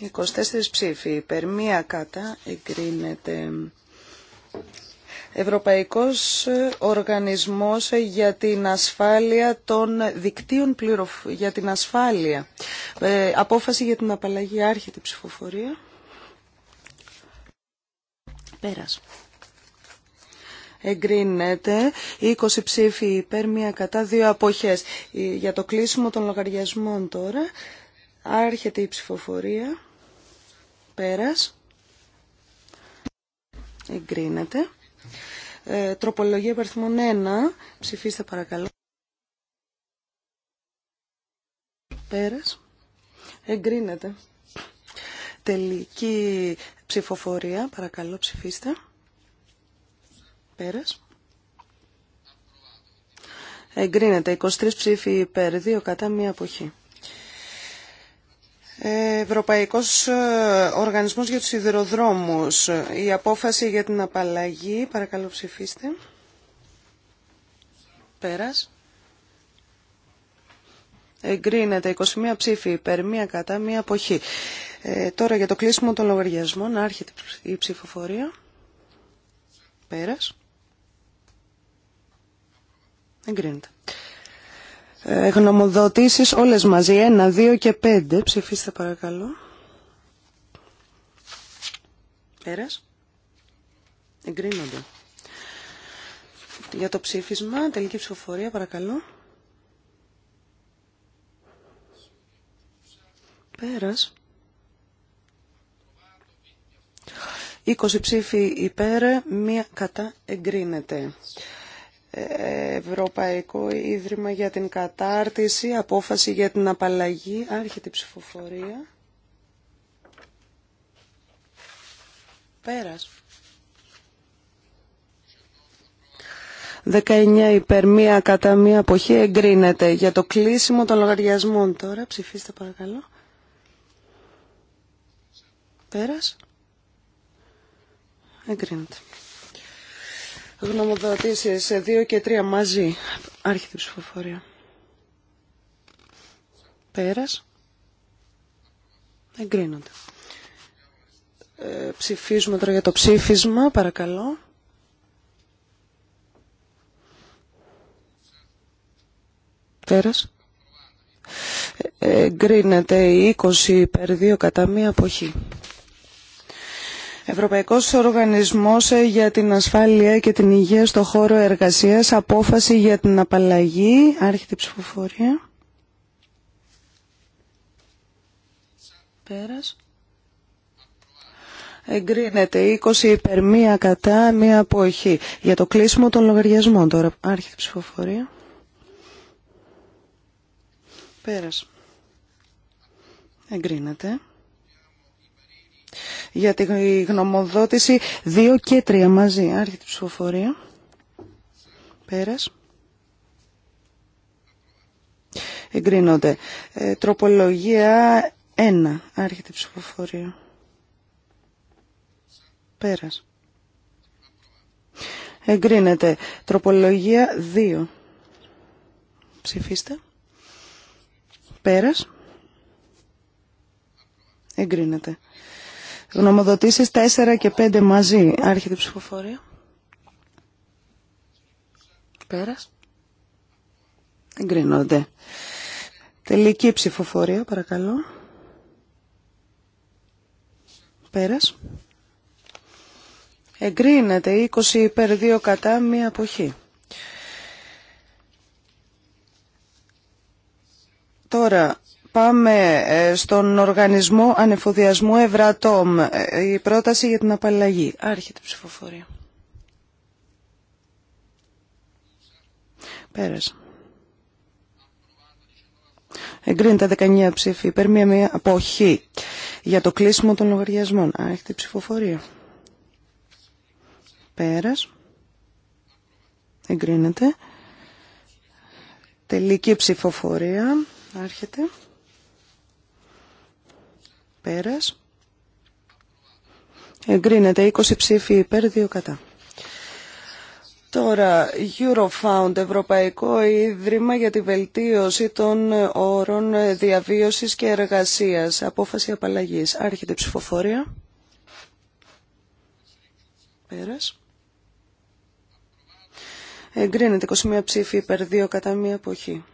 24 ψήφοι υπέρ, μία κατά εγκρίνεται. Ευρωπαϊκός Οργανισμός για την Ασφάλεια των Δικτύων Πληροφοριών. για την Ασφάλεια. Ε, απόφαση για την απαλλαγή άρχεται ψηφοφορία. Πέρας. Εγκρίνεται 20 ψήφοι υπέρ, μία κατά, δύο αποχές. Για το κλείσιμο των λογαριασμών τώρα, άρχεται η ψηφοφορία. Πέρας. Εγκρίνεται. Ε, τροπολογία υπαριθμών 1. Ψηφίστε παρακαλώ. Πέρας. Εγκρίνεται. Τελική ψηφοφορία. Παρακαλώ ψηφίστε. Πέρας. Εγκρίνεται. 23 ψήφοι υπέρ, 2 κατά, μία αποχή. Ευρωπαϊκός ε, Οργανισμός για τους Σιδηροδρόμους. Η απόφαση για την απαλλαγή. Παρακαλώ ψηφίστε. Πέρας εγκρίνεται 21 ψήφοι υπέρ, μία κατά, μία αποχή. Ε, τώρα για το κλείσιμο των λογαριασμών, άρχεται η ψηφοφορία. Πέρας. Εγκρίνεται. Ε, γνωμοδοτήσεις όλες μαζί, 1, 2 και 5. Ψηφίστε παρακαλώ. Πέρας. Εγκρίνονται. Για το ψήφισμα, τελική ψηφοφορία παρακαλώ. Πέρας. 20 ψήφοι υπέρ, μία κατά εγκρίνεται. Ε, Ευρωπαϊκό Ίδρυμα για την Κατάρτιση, απόφαση για την απαλλαγή, άρχεται η ψηφοφορία. Πέρας. 19 υπέρ μία κατά μία αποχή εγκρίνεται. Για το κλείσιμο των λογαριασμών τώρα, ψηφίστε παρακαλώ. Πέρας. Εγκρίνεται. Γνωμοδοτήσεις 2 και 3 μαζί. Άρχεται ψηφοφορία. Πέρας. Εγκρίνονται. Ε, ψηφίζουμε τώρα για το ψήφισμα, παρακαλώ. Πέρας. Ε, εγκρίνεται 20 υπέρ 2 κατά μία αποχή. Ευρωπαϊκός Οργανισμός ε, για την Ασφάλεια και την Υγεία στο χώρο εργασίας. Απόφαση για την απαλλαγή. Άρχεται ψηφοφορία. Πέρας. Εγκρίνεται 20 υπέρ, 1 κατά, μία αποχή. Για το κλείσιμο των λογαριασμών τώρα. Άρχεται ψηφοφορία. Πέρας. Εγκρίνεται για τη γνωμοδότηση 2 και 3 μαζί. Άρχεται ψηφοφορία. Πέρας. Εγκρίνονται. Ε, τροπολογία 1. Άρχεται ψηφοφορία. Πέρας. Εγκρίνεται. Τροπολογία 2. Ψηφίστε. Πέρας. Εγκρίνεται. Γνωμοδοτήσεις 4 και 5 μαζί. Άρχεται ψηφοφορία. Πέρας. Εγκρίνονται. Τελική ψηφοφορία, παρακαλώ. Πέρας. Εγκρίνεται 20 υπέρ 2 κατά μία αποχή. Τώρα Πάμε ε, στον οργανισμό ανεφοδιασμού Ευρατόμ. Ε, η πρόταση για την απαλλαγή. Άρχεται η ψηφοφορία. Πέρασε. Εγκρίνεται 19 ψήφοι υπέρ μία αποχή για το κλείσιμο των λογαριασμών. Άρχεται η ψηφοφορία. Πέρας. Εγκρίνεται. Τελική ψηφοφορία. Άρχεται. Πέρας. Εγκρίνεται 20 ψήφοι υπέρ, 2 κατά. Τώρα, Eurofound, Ευρωπαϊκό Ίδρυμα για τη Βελτίωση των Όρων Διαβίωσης και Εργασίας. Απόφαση απαλλαγής. Άρχεται ψηφοφορία. Πέρας. Εγκρίνεται 21 ψήφοι υπέρ 2 κατά μία εποχή.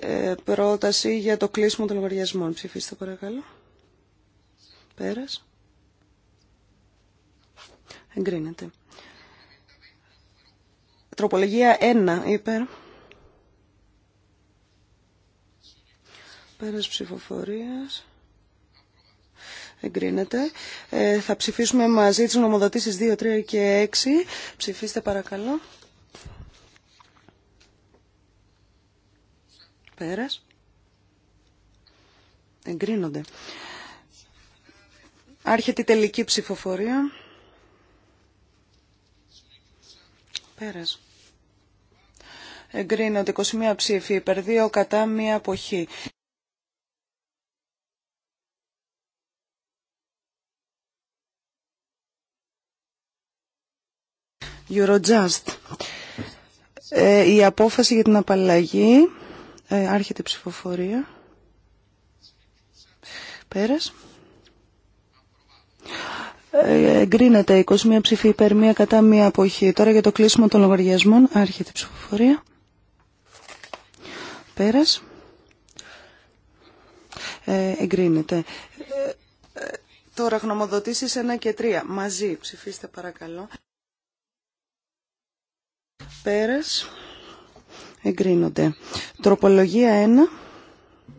Ε, πρόταση για το κλείσιμο των λογαριασμών. Ψηφίστε παρακαλώ. Πέρας. Εγκρίνεται. Τροπολογία 1 υπέρ. Πέρας ψηφοφορίας. Εγκρίνεται. Ε, θα ψηφίσουμε μαζί τις νομοδοτήσεις 2, 3 και 6. Ψηφίστε παρακαλώ. Πέρας. Εγκρίνονται. Άρχεται η τελική ψηφοφορία. Πέρας. Εγκρίνονται 21 ψήφοι υπέρ κατά μία αποχή. Eurojust. Ε, η απόφαση για την απαλλαγή. Ε, άρχεται η ψηφοφορία. Πέρας εγκρίνεται 21 ψηφί υπέρ μία κατά μία αποχή. Τώρα για το κλείσιμο των λογαριασμών άρχεται η ψηφοφορία. Πέρας. Ε, εγκρίνεται. Ε, ε τώρα γνωμοδοτήσεις 1 και 3. Μαζί ψηφίστε παρακαλώ. Πέρας. Εγκρίνονται. Τροπολογία 1.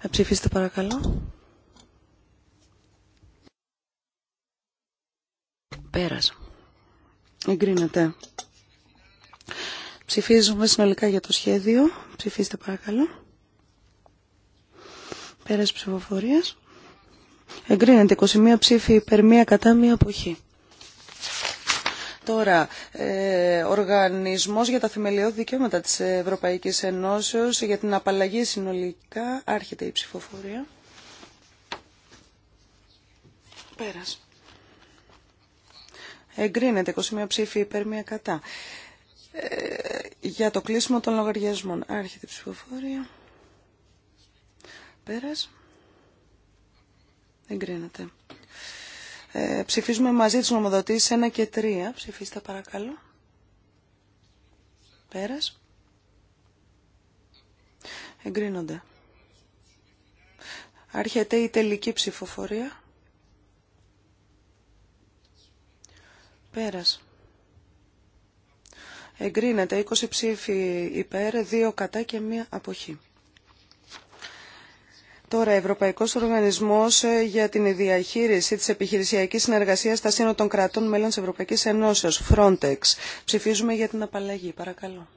Ε, ψηφίστε παρακαλώ. Πέρας. Εγκρίνεται. Ψηφίζουμε συνολικά για το σχέδιο. Ψηφίστε παρακαλώ. Πέρας ψηφοφορίας. Εγκρίνεται 21 ψήφοι υπέρ μία κατά μία αποχή. Τώρα, ε, οργανισμός για τα θεμελιώδη δικαιώματα της Ευρωπαϊκής Ενώσεως για την απαλλαγή συνολικά. Άρχεται η ψηφοφορία. Πέρας εγκρίνεται 21 ψήφοι υπέρ μια κατά. Ε, για το κλείσιμο των λογαριασμών. Άρχεται η ψηφοφορία. Πέρας. Εγκρίνεται. Ε, ψηφίζουμε μαζί τις νομοδοτήσεις 1 και 3. Ψηφίστε παρακαλώ. Πέρας. Εγκρίνονται. Άρχεται η τελική ψηφοφορία. Πέρας. Εγκρίνεται 20 ψήφοι υπέρ, 2 κατά και 1 αποχή. Τώρα, Ευρωπαϊκό Οργανισμό ε, για την Διαχείριση τη Επιχειρησιακή Συνεργασία στα Σύνορα των Κρατών Μέλων τη Ευρωπαϊκή Ενώσεω, Frontex. Ψηφίζουμε για την απαλλαγή. Παρακαλώ.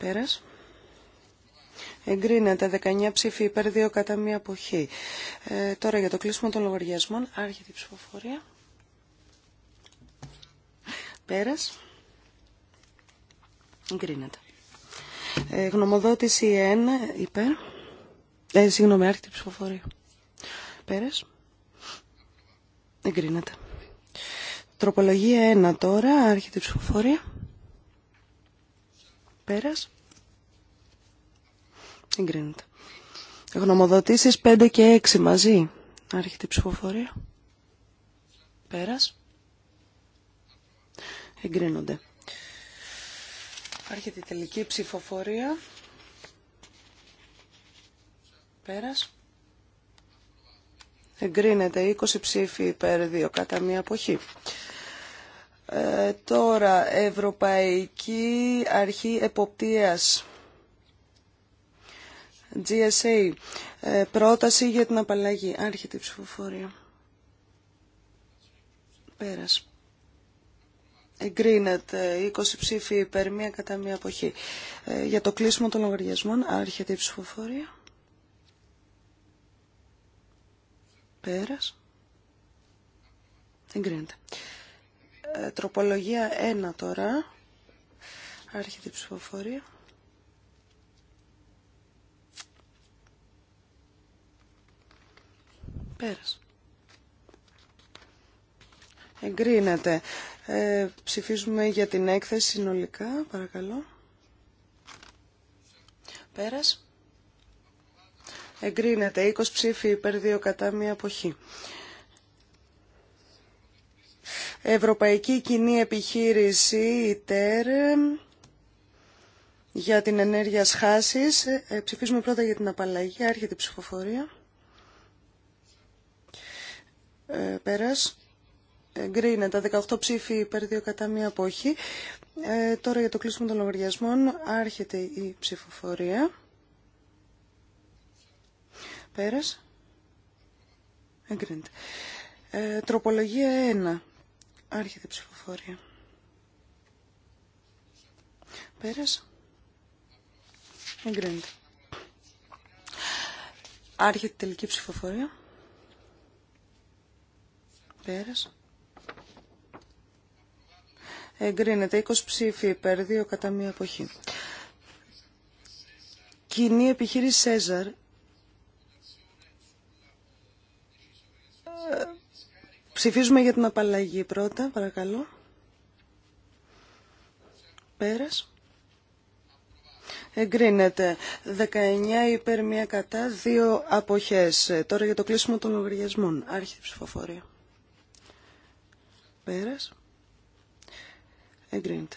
Πέρας εγκρίνεται 19 ψήφοι υπέρ 2 κατά μία αποχή. Ε, τώρα για το κλείσιμο των λογαριασμών άρχεται ψηφοφορία. Πέρας. Εγκρίνεται. Ε, γνωμοδότηση 1 υπέρ. Ε, συγγνώμη, άρχεται ψηφοφορία. Πέρας. Εγκρίνεται. Τροπολογία 1 τώρα, άρχεται ψηφοφορία. Πέρας. Εγκρίνεται. Γνωμοδοτήσεις 5 και 6 μαζί. Άρχεται η ψηφοφορία. Πέρας. Εγκρίνονται. Άρχεται η τελική ψηφοφορία. Πέρας. Εγκρίνεται 20 ψήφοι υπέρ 2 κατά μία αποχή. Ε, τώρα, Ευρωπαϊκή Αρχή Εποπτείας. GSA. Ε, πρόταση για την απαλλαγή. Άρχεται η ψηφοφορία. Πέρας. Εγκρίνεται 20 ψήφοι υπέρ μία κατά μία αποχή. Ε, για το κλείσιμο των λογαριασμών άρχεται η ψηφοφορία. Πέρας. Εγκρίνεται. Ε, τροπολογία 1 τώρα. Άρχεται η ψηφοφορία. Πέρας. Εγκρίνεται. Ε, ψηφίζουμε για την έκθεση συνολικά, παρακαλώ. Πέρας. Εγκρίνεται. 20 ψήφοι υπέρ 2 κατά μία αποχή. Ευρωπαϊκή Κοινή Επιχείρηση, ΤΕΡ, για την ενέργεια σχάσης. Ε, ψηφίζουμε πρώτα για την απαλλαγή. Άρχεται η ψηφοφορία ε, πέρας. Εγκρίνεται 18 ψήφοι υπέρ 2 κατά μία απόχη. Ε, τώρα για το κλείσιμο των λογαριασμών άρχεται η ψηφοφορία. Πέρας. Εγκρίνεται. Ε, τροπολογία 1. Άρχεται η ψηφοφορία. Πέρας. Εγκρίνεται. Άρχεται η τελική ψηφοφορία. Πέρας. Εγκρίνεται 20 ψήφοι υπέρ, 2 κατά μία εποχή. Κοινή επιχείρηση Σέζαρ. Ε, ψηφίζουμε για την απαλλαγή πρώτα, παρακαλώ. Πέρας. Εγκρίνεται 19 υπέρ 1 κατά 2 αποχές. Ε, τώρα για το κλείσιμο των λογαριασμών. Άρχιτε ψηφοφορία. Πέρας. Εγκρίνεται.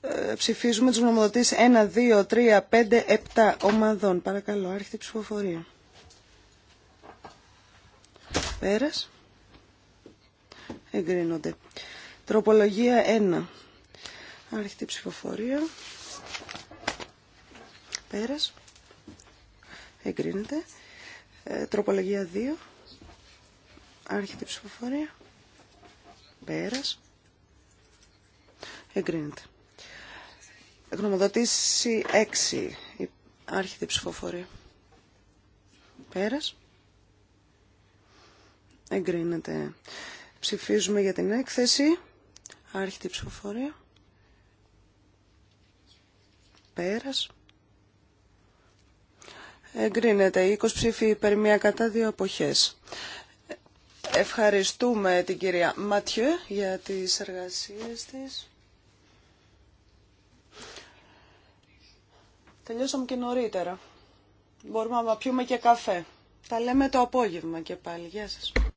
Ε, ψηφίζουμε τους νομοδοτήσεις 1, 2, 3, 5, 7 ομαδών. Παρακαλώ, άρχιτε ψηφοφορία. Πέρας. Εγκρίνονται. Τροπολογία 1. Άρχιτε ψηφοφορία. Πέρας. Εγκρίνεται. Ε, τροπολογία 2. Άρχεται η ψηφοφορία. Πέρας. Εγκρίνεται. Γνωμοδοτήση 6. Άρχεται η ψηφοφορία. Πέρας. Εγκρίνεται. Ψηφίζουμε για την έκθεση. Άρχεται η ψηφοφορία. Πέρας. Εγκρίνεται. 20 ψήφοι υπέρ μία κατά δύο αποχές. Ευχαριστούμε την κυρία Ματιέ για τις εργασίες της. Τελειώσαμε και νωρίτερα. Μπορούμε να πιούμε και καφέ. Τα λέμε το απόγευμα και πάλι. Γεια σας.